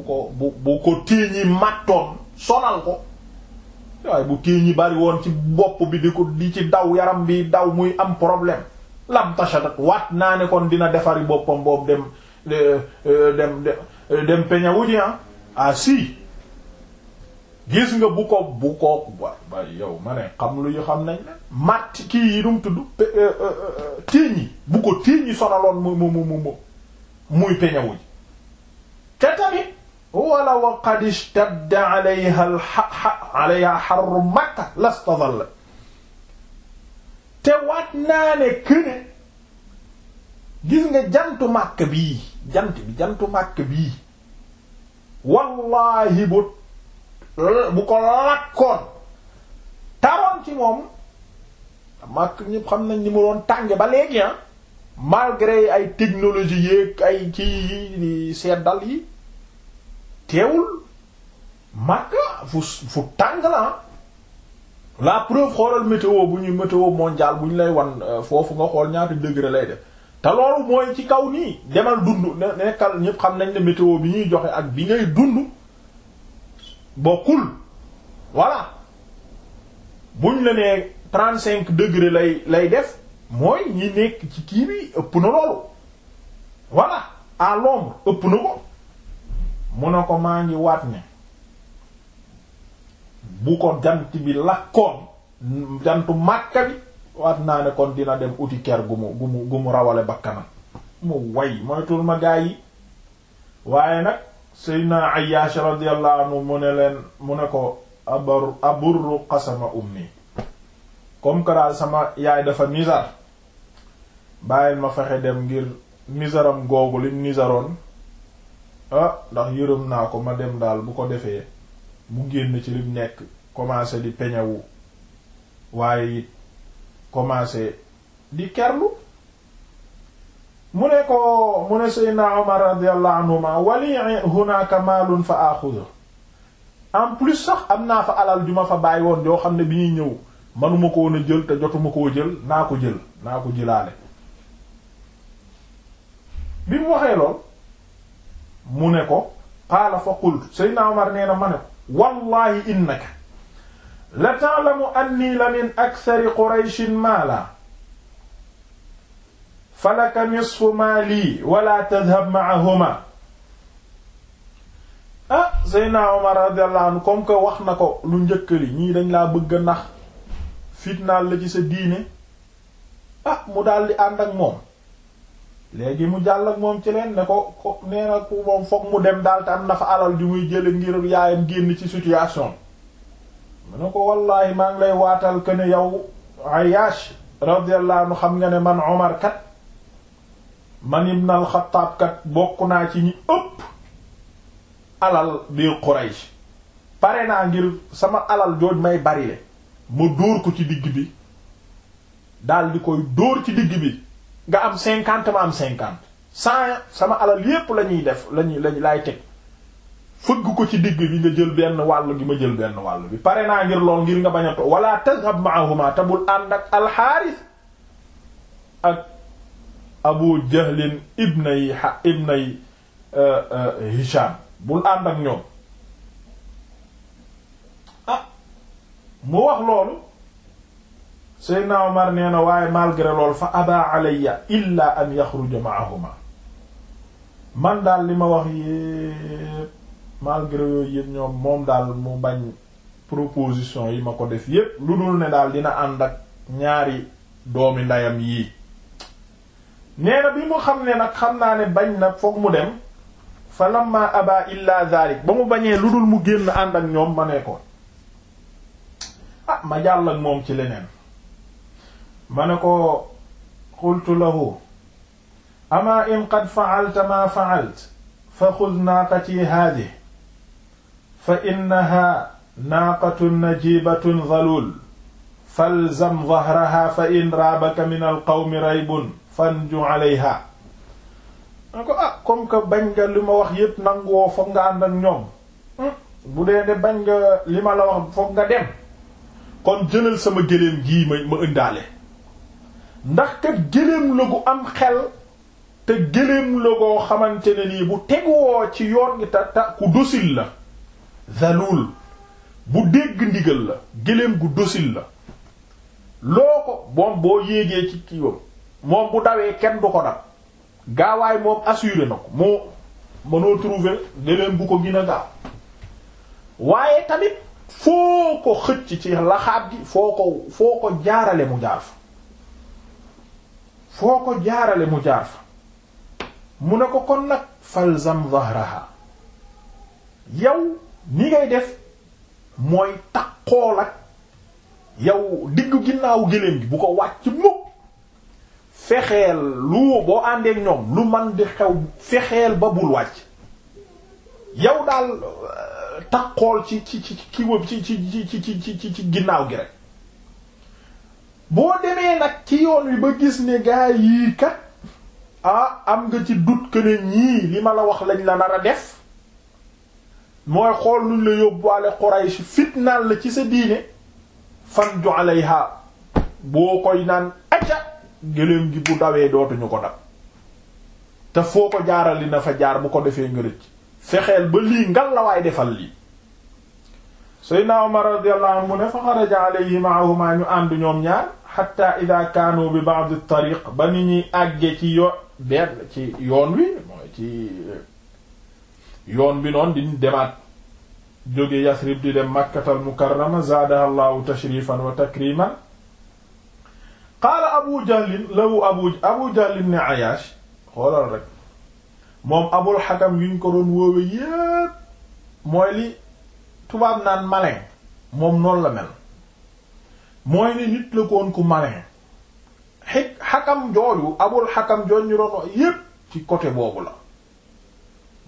ko bu bu ko téeñi mattoon sonal ko waaye bu téeñi bari woon ci bopp bi di ko di ci daw yaram bi daw muy am problème lam tashatat wat naa ne kon dina defari boppam boobu dem euh, dem euh, dem peña wu ji ah, ah si gis nga bu ko bu ko ba bay yow ma ne xam lu yu xam nañ la matt kii yi dum tudd euh, euh, euh, téeñ yi bu ko téeñ yi sonaloon mu mu mu mu muy peñawuj te tamit wala wa qad istadda alayha al alayha harru makka lastadalla te waat naa ne këne gis nga jantu màkk bii jant bi jantu màkk bii wallahi bu Euh, bu ko lakkoon taroon ci moom màkk ñëpp xam nañ ni mu doon tànge ba léegi ah malgré ay technologie yéeg ay ci yi seddal yi teewul màkk fu fu tàng la ah. la preuve xoolal météo bu ñuy météo mondial bu ñu lay wan euh, foofu nga xool ñaata degré lay def te loolu mooy ci kaw nii demal dund nekkal ñëpp xam nañ ne météo bi ñuy joxe ak bi ngay dund bokkul voilà buñ la nee trente cinq degré lay lay def mooy ñi nekk ci kii bi ëpp na loolu voilà à ëpp na ko mu ne ko maa ngi waat ne bu ko jant bi lakkoon jantu màkka bi waat naa ne kon dina dem uti ker gu mu gu mu gu mu rawale bakkanam mu way moytul ma gaa yi waaye nag naa seydna Ayyash radiyallahu anhu mu ne leen mu ne ko abar aburru qasama ummi comme que daal sama yaay dafa nizar bàyyil ma fexe dem ngir nizaram googu lim nizaroon ah ndax yërëm naa ko ma dem daal bu ko defee mu génn ci lim nekk commencé di peñewu waaye it commencé di kerlu mu ne ko mu ne Seydina Omar radiyallahu anhuma wali hunaka maalun fa axudu en plus sax am naa fa alal ju ma fa bàyyi woon yoo xam ne bi ñuy ñëw manuma ko woon jël te jotuma koo jël naa ko jël naa ko jëlaale bi mu waxee lool mu ne ko qaala fa qultu Seydina Omar nee na ma ne ko wallahi innaka la anni la min akthari qurayshin maala falaka nisfu maali wala tadhab ma'ahuma ah Seydina Omar radiyallahu comme que wax na ko lu njëkk ñii dañ laa bëgg a nax fitnaal la ci sa diine ah mu daldi ànd ak moom léegi mu jàll ak moom ci leen ne ko ko nee na ku moom fokk mu dem daal te am na fa alal ju muy jële ngir yaayam génn ci situation mu ne ko wallaahi maa ngi lay waatal que ne yow Ayyash radiyallahu xam nga ne man Omar kat man ibn al bokk naa ci ñi ëpp alal biir Quraysh pare naa ngir sama alal jooj may barile ma dóor ko ci digg bi daal di koy dóor ci digg bi nga am cinquante ma am cinquante cent sama alal yépp la ñuy def lañuy lañ laay teg fëgg ko ci digg bi nga jël benn wàll gi ma jël benn wàll bi pare naa ngir lool ngir nga bañ a to wala tazhab ma'ahuma tabul ànd ak alxaaris ak abu jahlin ibnay ibnay uh, uh, hisham bul ànd ak ñoom ah mu wax loolu seydna omar nee na waaye malgré loolu fa aba alayya illa an yaxruja maahuma man daal li ma wax yépp malgré yooyu yépp ñoom moom daal mu bañ proposition yi ma ko def yépp lu dul ne daal dina ànd ak ñaari doomi ndeyam yii nee bi mu xam ne nag xam naa ne bañ na foog mu dem fa lamma aba illa zalik ba mu bañee lu dul mu génn ànd ak ñoom ma ne ko ah ma jàll ak moom ci leneen ma ne ko qultu lahu ama in qad fa'alta ma fa'alta fa xud naaqati haadihi fa innaha naaqatun najibatun zalul falzam zahraha fa in raabaka min alqawmi raybun fanju alayha na ko ah comme que bañ nga li ma wax yépp nangoo foog nga ànd ak ñoom hmm? bu dee ne bañ nga li ma la wax foog nga dem kon jëlal sama géléem gii ma ma ëndaale ndax kat géléem la gu am xel te géléem la goo xamante ne nii bu tegoo ci yoon gi ta ta ku dosil la zalul bu dégg ndigal la géléem gu dosil la loo ko boom boo yéegee ci kiiwam moom bu dawee kenn du ko dab gaawaay moom assuré na ko moo mënoo trouver leneen bu ko gën gaaw waaye tamit foo ko xëcc ci laxaab gi foo ko foo ko jaarale mu jaar fa foo ko jaarale mu jaar mu ne ko kon nag falzam zahraha yow ni ngay def mooy takkool ak yow diggu ginnaaw géléem gi bu ko wàcc mukk fexeel lu boo àndeek ñoom lu man di xew fexeel ba bul wàcc yow daal euh, takkool ci ci ci ci ci ci ci ginnaaw gi rek boo demee nag ci yoon wi ba gis ne gaa yii kat ah am nga ci dut que ne ñii li ma la wax lañ la nar a def mooy xool nuñ la yóbbuwaale Quraysh fitnaan la ci sa diine fan ju alayha boo koy naan acca gëléem gi bu dawee dootuñu ko dab te foo ko jaarali na fa jaar bu ko defee nga rëcc fexeel ba lii ngal la waay defal lii Seydina Umar radiyallahu anhu mu ne fa xaraja alayhi ma'ahuma ñu ànd ñoom ñaar hatta idha kaanu bi ba'd at-tariq ba ni ñuy àgge ci yoon benn ci yoon wi mooy ci eh, yoon bi noonu di demaat jóge Yasrib di dem Makkatal Mukarrama zaadaha tashrifan wa takriman qaala abu jahlin lahu abu abu jahlin ne ayaash xoolal rek moom abul xakam yuñ ko doon wóowe yépp mooy li tubaab naan malin moom noonu la mel mooy ni nit la koon ku malin xik xakam jooju abul xakam jooju ñu doon yépp ci côté boobu la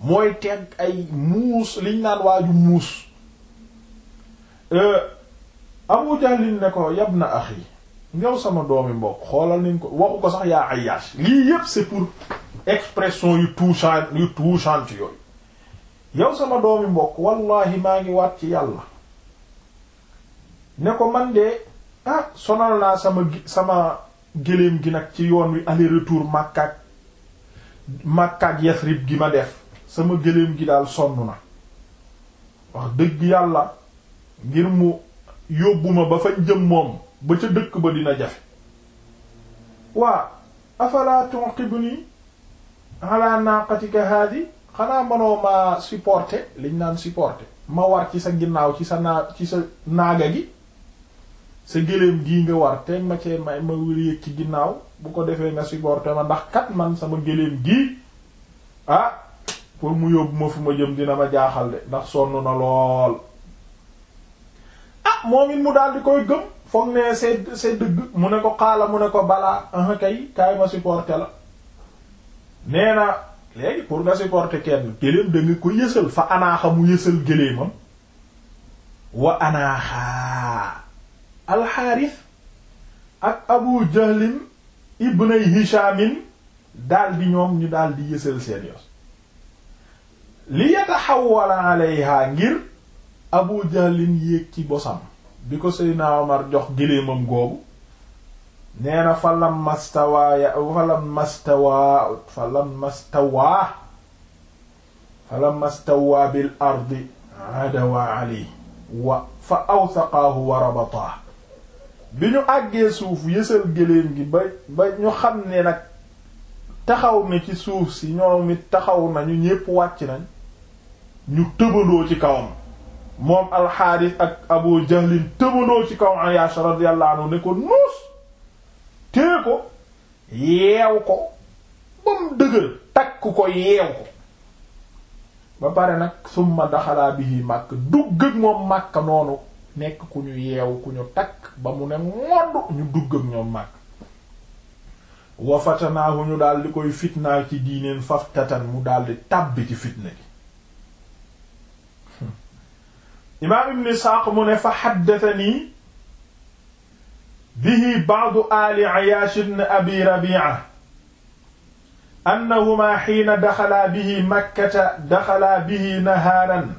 mooy teg ay muus liñ naan waaju muus euh, abu jahlin ne ko yab na axi ngew sama doomi mbokk xoolal nañ ko waxu ko sax yaa Ayyash lii yépp c'est pour expression yu touchant yu touchante yooyu yow sama doomi mbokk wallahi maa ngi waat ci yàlla ne ko man de ah sonal naa sama sama gëléem gi nag ci yoon wi aller retour Makka Makka Yasrib gi ma def sama gëléem gi daal sonn na wax dëgg yàlla ngir mu yóbbu ma ba fañ jëm moom ba ca dëkk ba dina jafe waa afala tunqibni naa naqatika hadi xanaa mënoo ma supporter liñ naan supporter ma war ci sa ginnaaw ci sa ci naaga gi sa gëléem gii nga war te ma cee may ma yëg ci ginnaaw bu ko defee nga supporter ma ndax kat man sama gëléem gii ah pour mu yóbbu ma fu ma jëm dina ma jaaxal de ndax sonn na lool ah moom it mu daal di koy gëm foog ne c'est c'est dëgg mu ne ko xaala mu ne ko balaa ah kay kaay ma supporter la nee na léegi pour nga supporter kenn géléem da ko yësal fa anaaxa mu yësal géléemam wa anaaxaa alxaaris ak abu jahlin ibnay hishamin daldi ñoom ñu daldi yësal seen yos li yataxawala alayha ngir abu jahlin yéeg ci bosam bi ko Seydina Omar jox géléemam googu nee na falam mastawa ya falam mastawa falam mastawa falam mastawa bil ardi adawa ali fa awsaqaahu wa bi ñu àggee suuf yësal géléem gi ba ba ñu xam ne nag taxaw na ci suuf si ñoom it taxaw nañu ñépp wàcc nañ ñu tëbandoo ci kawam moom alxaaris ak abu jahlin tëbanoo ci kaw Ayaash radiyallahu anhu ne ko nuus tée ko yeew ko ba mu dëgër takk ko yeew ko ba pare nag summa daxalaa bihi màkk dugg ak moom màkk noonu nekk ku ñu yeew ku ñu takk ba mu ne modd ñu dugg ak ñoom màkk wafatanaahu ñu daldi di koy fitnaal ci diineen faftatan mu daldi di tàbbi ci imaam ibn isxaaq mu ne fa xaddatanii bihi baadu aali ayaash ibn abi rabiica annahumaa xiina daxalaa bihi makkata daxalaa bihi nahaaran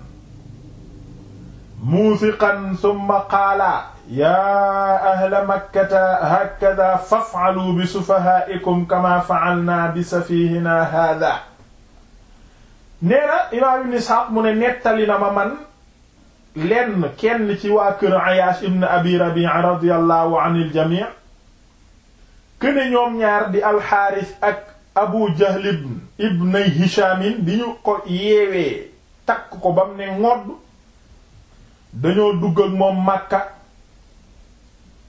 muusiqan summa qaalaa yaa ahla makkata hakadaa fafcaluu bisufahaa'ikum kamaa facalnaa bisafiihinaa haadaa nee na imaam ibn isxaaq mu ne nettali na ma man lenn kenn ci waa kër Ayaash ibn Abi Rabi'a radiyallahu anil jamii këne ñoom ñaar di alxaaris ak Abu Jahl ibn ibnay Hishaamin bi ñu ko yeewee takk ko bam ne ngodd dañoo dugg ak moom Makka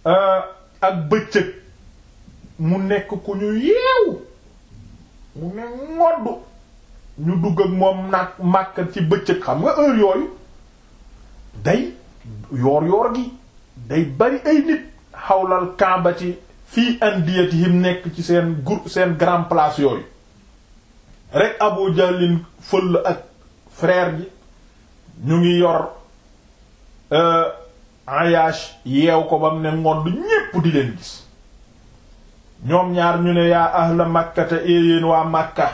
euh, ak bëccëg mu nekk ku ñu yeew mu ne ngodd ñu dugg ak moom nag Makka ci bëccëg xam nga heure yooyu day yoor yoor gi day bari ay nit xawlal kaaba ci fii andiyatihim nekk ci seen seen grand place yooyu rek Abu Jahlin fëll ak frère ji ñu ngi yor euh, ayash yeew ko bam ne ngond ñépp di leen gis ñoom ñaar ñu ne yaa ahla makkata éeyéen waa màkka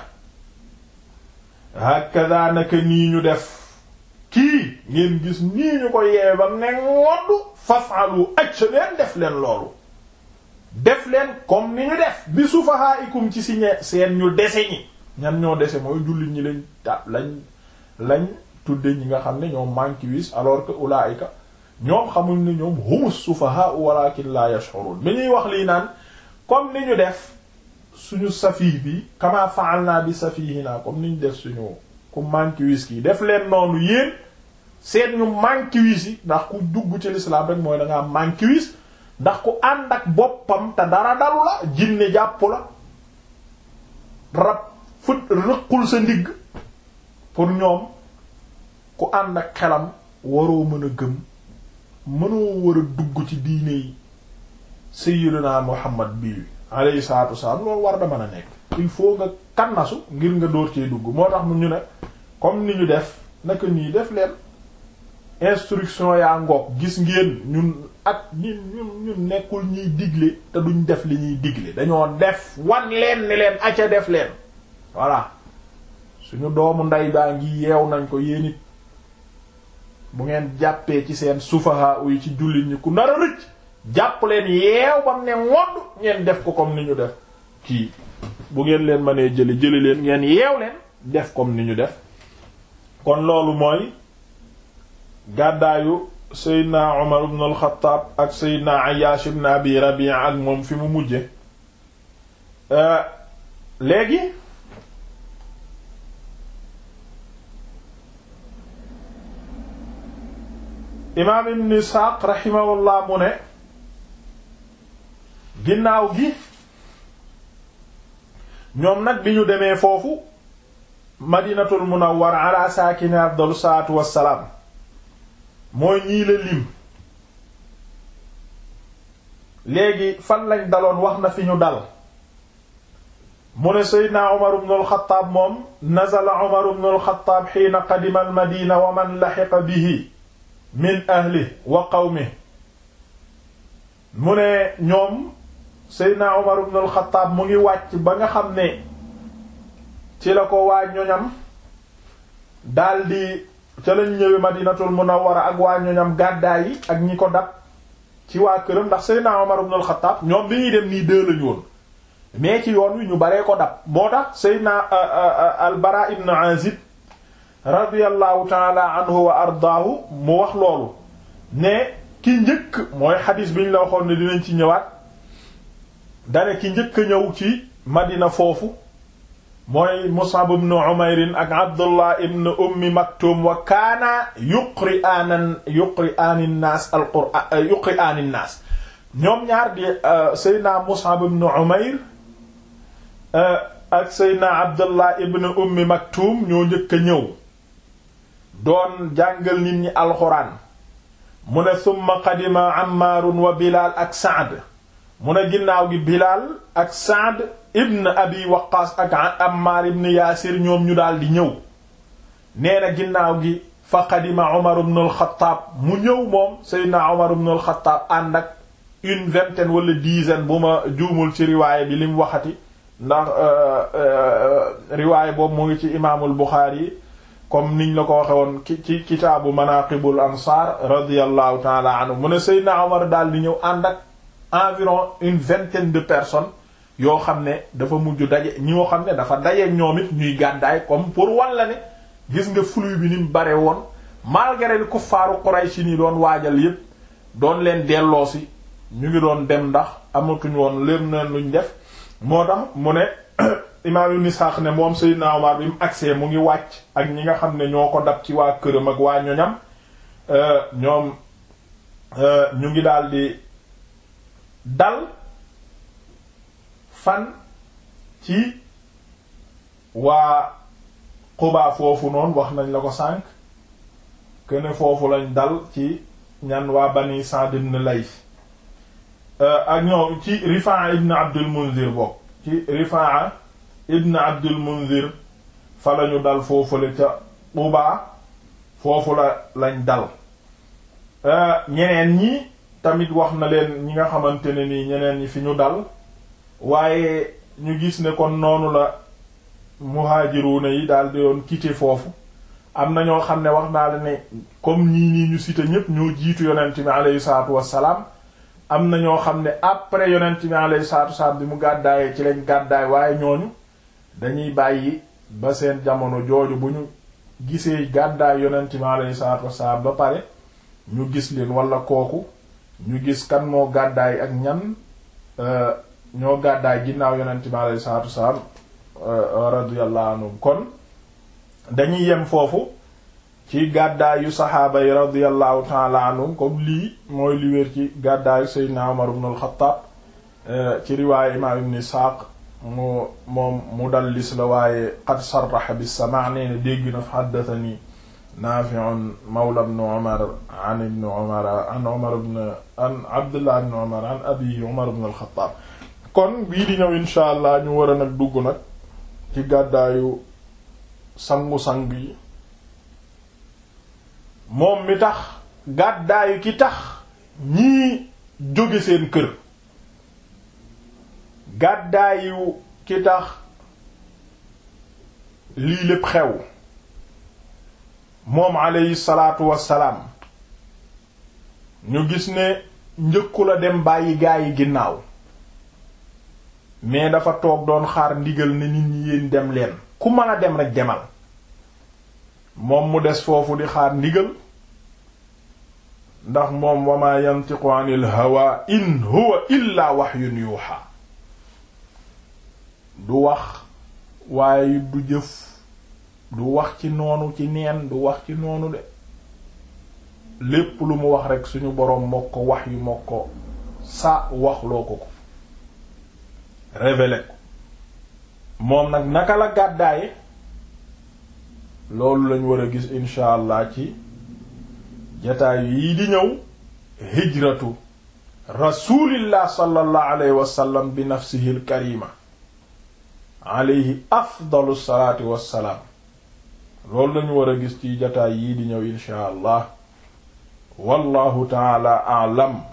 hakada naka nii ñu def kii ngeen gis nii ñu ko yeewe ba ne ngoddu fasalu acca leen def leen loolu def leen comme ni ñu def bi sufahaikum ci si seen ñu dese ñi ñan ñoo dese mooy jullit ñi lañ ta lañ lañ tudde ñi nga xam ne ñoom mankiwis alors que ulaika ñoom xamuñ ne ñoom humus sufaha walakin la yash'urun bi ñuy wax lii naan comme ni ñu def suñu safih bi kama naa bi safihina comme ni ñu def suñu ku manque wis yi def leen noonu yéen seen ñu manque yi ndax ku dugg ci lislaam rek mooy da ngaa manque wis ndax ku ànd ak boppam te dara daru la jinne jàpp la rab fut rëqul sa ndigg pour ñoom ku ànd ak xelam waroo mën a gëm mënoo war a dugg ci diine yi sayyidina Muhammad bii alayhi salaatu wasalaam loolu war da mën a nekk il faut nga kannasu ngir nga door cee dugg moo tax mu ñu ne comme ni ñu def naka nii def leen instruction yaa ngoog gis ngeen ñun ak ni ñun ñun nekkul ñuy digle te duñ def li ñuy digle dañoo def wan leen ni leen aca def leen voilà suñu doomu ndey baa ngi yeew nañ ko yéen it bu ngeen jàppee ci seen sufaha uy ci jullit ñi ku nar rëcc jàpp leen yeew bam ne ngodd ngeen def ko comme ni ñu def kii bu ngeen leen nee jëli jële leen ngeen yeew leen def comme ni ñu def kon loolu mooy gàddaayu seydna Umar ibn al ak seydna Ayyash ibn Abi Rabi'a ak moom fi mu mujje euh, léegi imaam ibn Isxaaq raximahullah mu ne ginnaaw gi ñoom nag bi ñu demee foofu madinatul munawwar ala saakini afdalu mooy ñii lim léegi fan lañ daloon wax na fi ñu dal mu ne seydna umar bnu alxataab moom nazala umar bnu alxataab xiina qadima almadina wa man laxiqa bihi min ahli wa qawmi mu ne ñoom seydna umar bnu alxataab mu ngi wàcc ba nga xam ne ci la ko waa ñoñam daldi ca lañ ñëwee madinatul munawwara ak waa ñoñam gàddaa yi ak ñi ko dab ci waa këram ndax Seydina Omar ibn al ñoom bi ñuy dem nii deux lañu woon mais ci yoon wi ñu baree ko dab moo tax Seydina al-Bara ibn radiyallahu taala anhu ardaahu mu wax loolu ne ki njëkk mooy xadis bi ñu la waxoon ne dinañ ci ñëwaat dane ki njëkk a ñëw ci madina foofu mooy Mus'ab ibn Umayr ak Abdullah ibn Ummi Maktum wa kaana yuqri'aana yuqri'aani nnaas al-Qur'aan yuqri'aani nnaas ñoom ñaar di euh, Seydina Mus'ab ibn Umayr euh, ak Seydina Abdullah ibn Ummi Maktum ñoo njëkk a ñëw doon jàngal nit ñi alxuraan mu ne summa qadima Ammaarun wa Bilaal ak Sa'd mu ne ginnaaw gi Bilaal ak Sa'd ibn abi waqaas ak ammaar ibn yaasir ñoom ñu daal di ñëw nee na ginnaaw gi fa qadima omar ibn al-Khattab mu ñëw moom seydina omar ibn al-Khattab ànd ak une vingtaine wala dizaine bu ma juumul ci riwaayé bi li mu waxati ndax euh, euh, riwaayé boobu mu ngi ci imaamul Buxaari yi comme niñ la ko waxe woon ci kitaabu manaqibul ansaar radiallahu taala anhu mu ne seydina omar daal di ñëw ànd ak environ une vingtaine de personnes yoo xam ne dafa mujj daje ñoo xam ne dafa daje ñoom it ñuy gàddaay comme pour walla ne gis nga flux bi ni mu bare woon malgré faaru kuffaaru Quraysh ni doon waajal yépp doon leen delloosi ñu ngi doon dem ndax amatuñ woon leen na luñ def moo tax mu ne imaam Ibn Ishaq ne moom Seydina Omar bi mu agsee mu ngi wàcc ak ñi nga xam ne ñoo ko dab ci waa këram ak waa ñoñam euh, ñoom euh, ñu ngi di dal fan ci waa Quba foofu noonu wax nañ la ko sànq que foofu lañ dal ci ñan waa Bani Sa'd ibn Layth euh, ak ñoom ci Rifaa ibn Abdul Munzir bokk ci Rifaa ibn Abdul Munzir fa lañu dal foofu la ca Quba foofu la lañ dal euh, ñeneen ñi tamit wax na leen ñi nga xamante ne nii ñeneen ñi fi ñu dal waaye ñu gis ne kon noonu la muhajiruna yi daal di doon quitter foofu am na ñoo xam ne wax naa la ne comme ñii nii ñu cité ñépp ñoo jiitu yonent bi aleyhi salaatu wassalaam am na ñoo xam ne après yonent bi aleyhi salaatu wassalaam bi mu gàddaayee ci leen gàddaay waaye ñooñu dañuy bàyyi ba seen jamono jooju bu ñu gisee gàddaay yonent bi aleyhi salaatu wassalaam ba pare ñu gis leen walla kooku ñu gis kan moo gàddaay ak ñan euh, ñoo gàddaay ginnaaw yonent bi alayhi salaatu wasalaam euh, radiyallahu kon dañuy foofu ci gàddaayu saxaaba yi radiyallahu taala anhum comme lii mooy li wér ci gàddaayu Seydina Umar ibn euh, ci riwaaye imaam ibn Isxaaq mu moom mudallis la waaye qad sarraxa bis-samaa' nee na dégg na mawla ibn Umar an Abdullah ibn Umar an abiihi Umar ibn al kon bii di ñëw insha ñu war a nag dugg nag ci gàddaayu sangu-sang yi moom mi tax gàddaayu ki tax ñii jóge seen kër gàddaayu ki tax lii lépp xew moom aleyhi salaatu wassalaam ñu gis ne njëkku la dem bàyyi gaa yi ginnaaw mais dafa toog doon xaar ndigal ni nit ñi dem leen ku mën a dem rek demal moom mu des foofu di xaar ndigal ndax moom wa ma yantiqu anil hawa in huwa illa wahyun yuha du wax waaye du jëf du wax ci noonu ci neen du wax ci noonu de lépp lu mu wax rek suñu boroom moo ko wax yu moo ko sa waxloo ko ko révélé moom nag naka la gàddaay loolu lañ war a gis insha allah ci jataay yii di ñëw hijratu rasulillah sallallahu alayhi wasallam bi nafsihi al karima alayhi afdalu salaatu wassalaam loolu lañu war a gis ci jataay yii di ñëw insha allah wallahu taala a'lam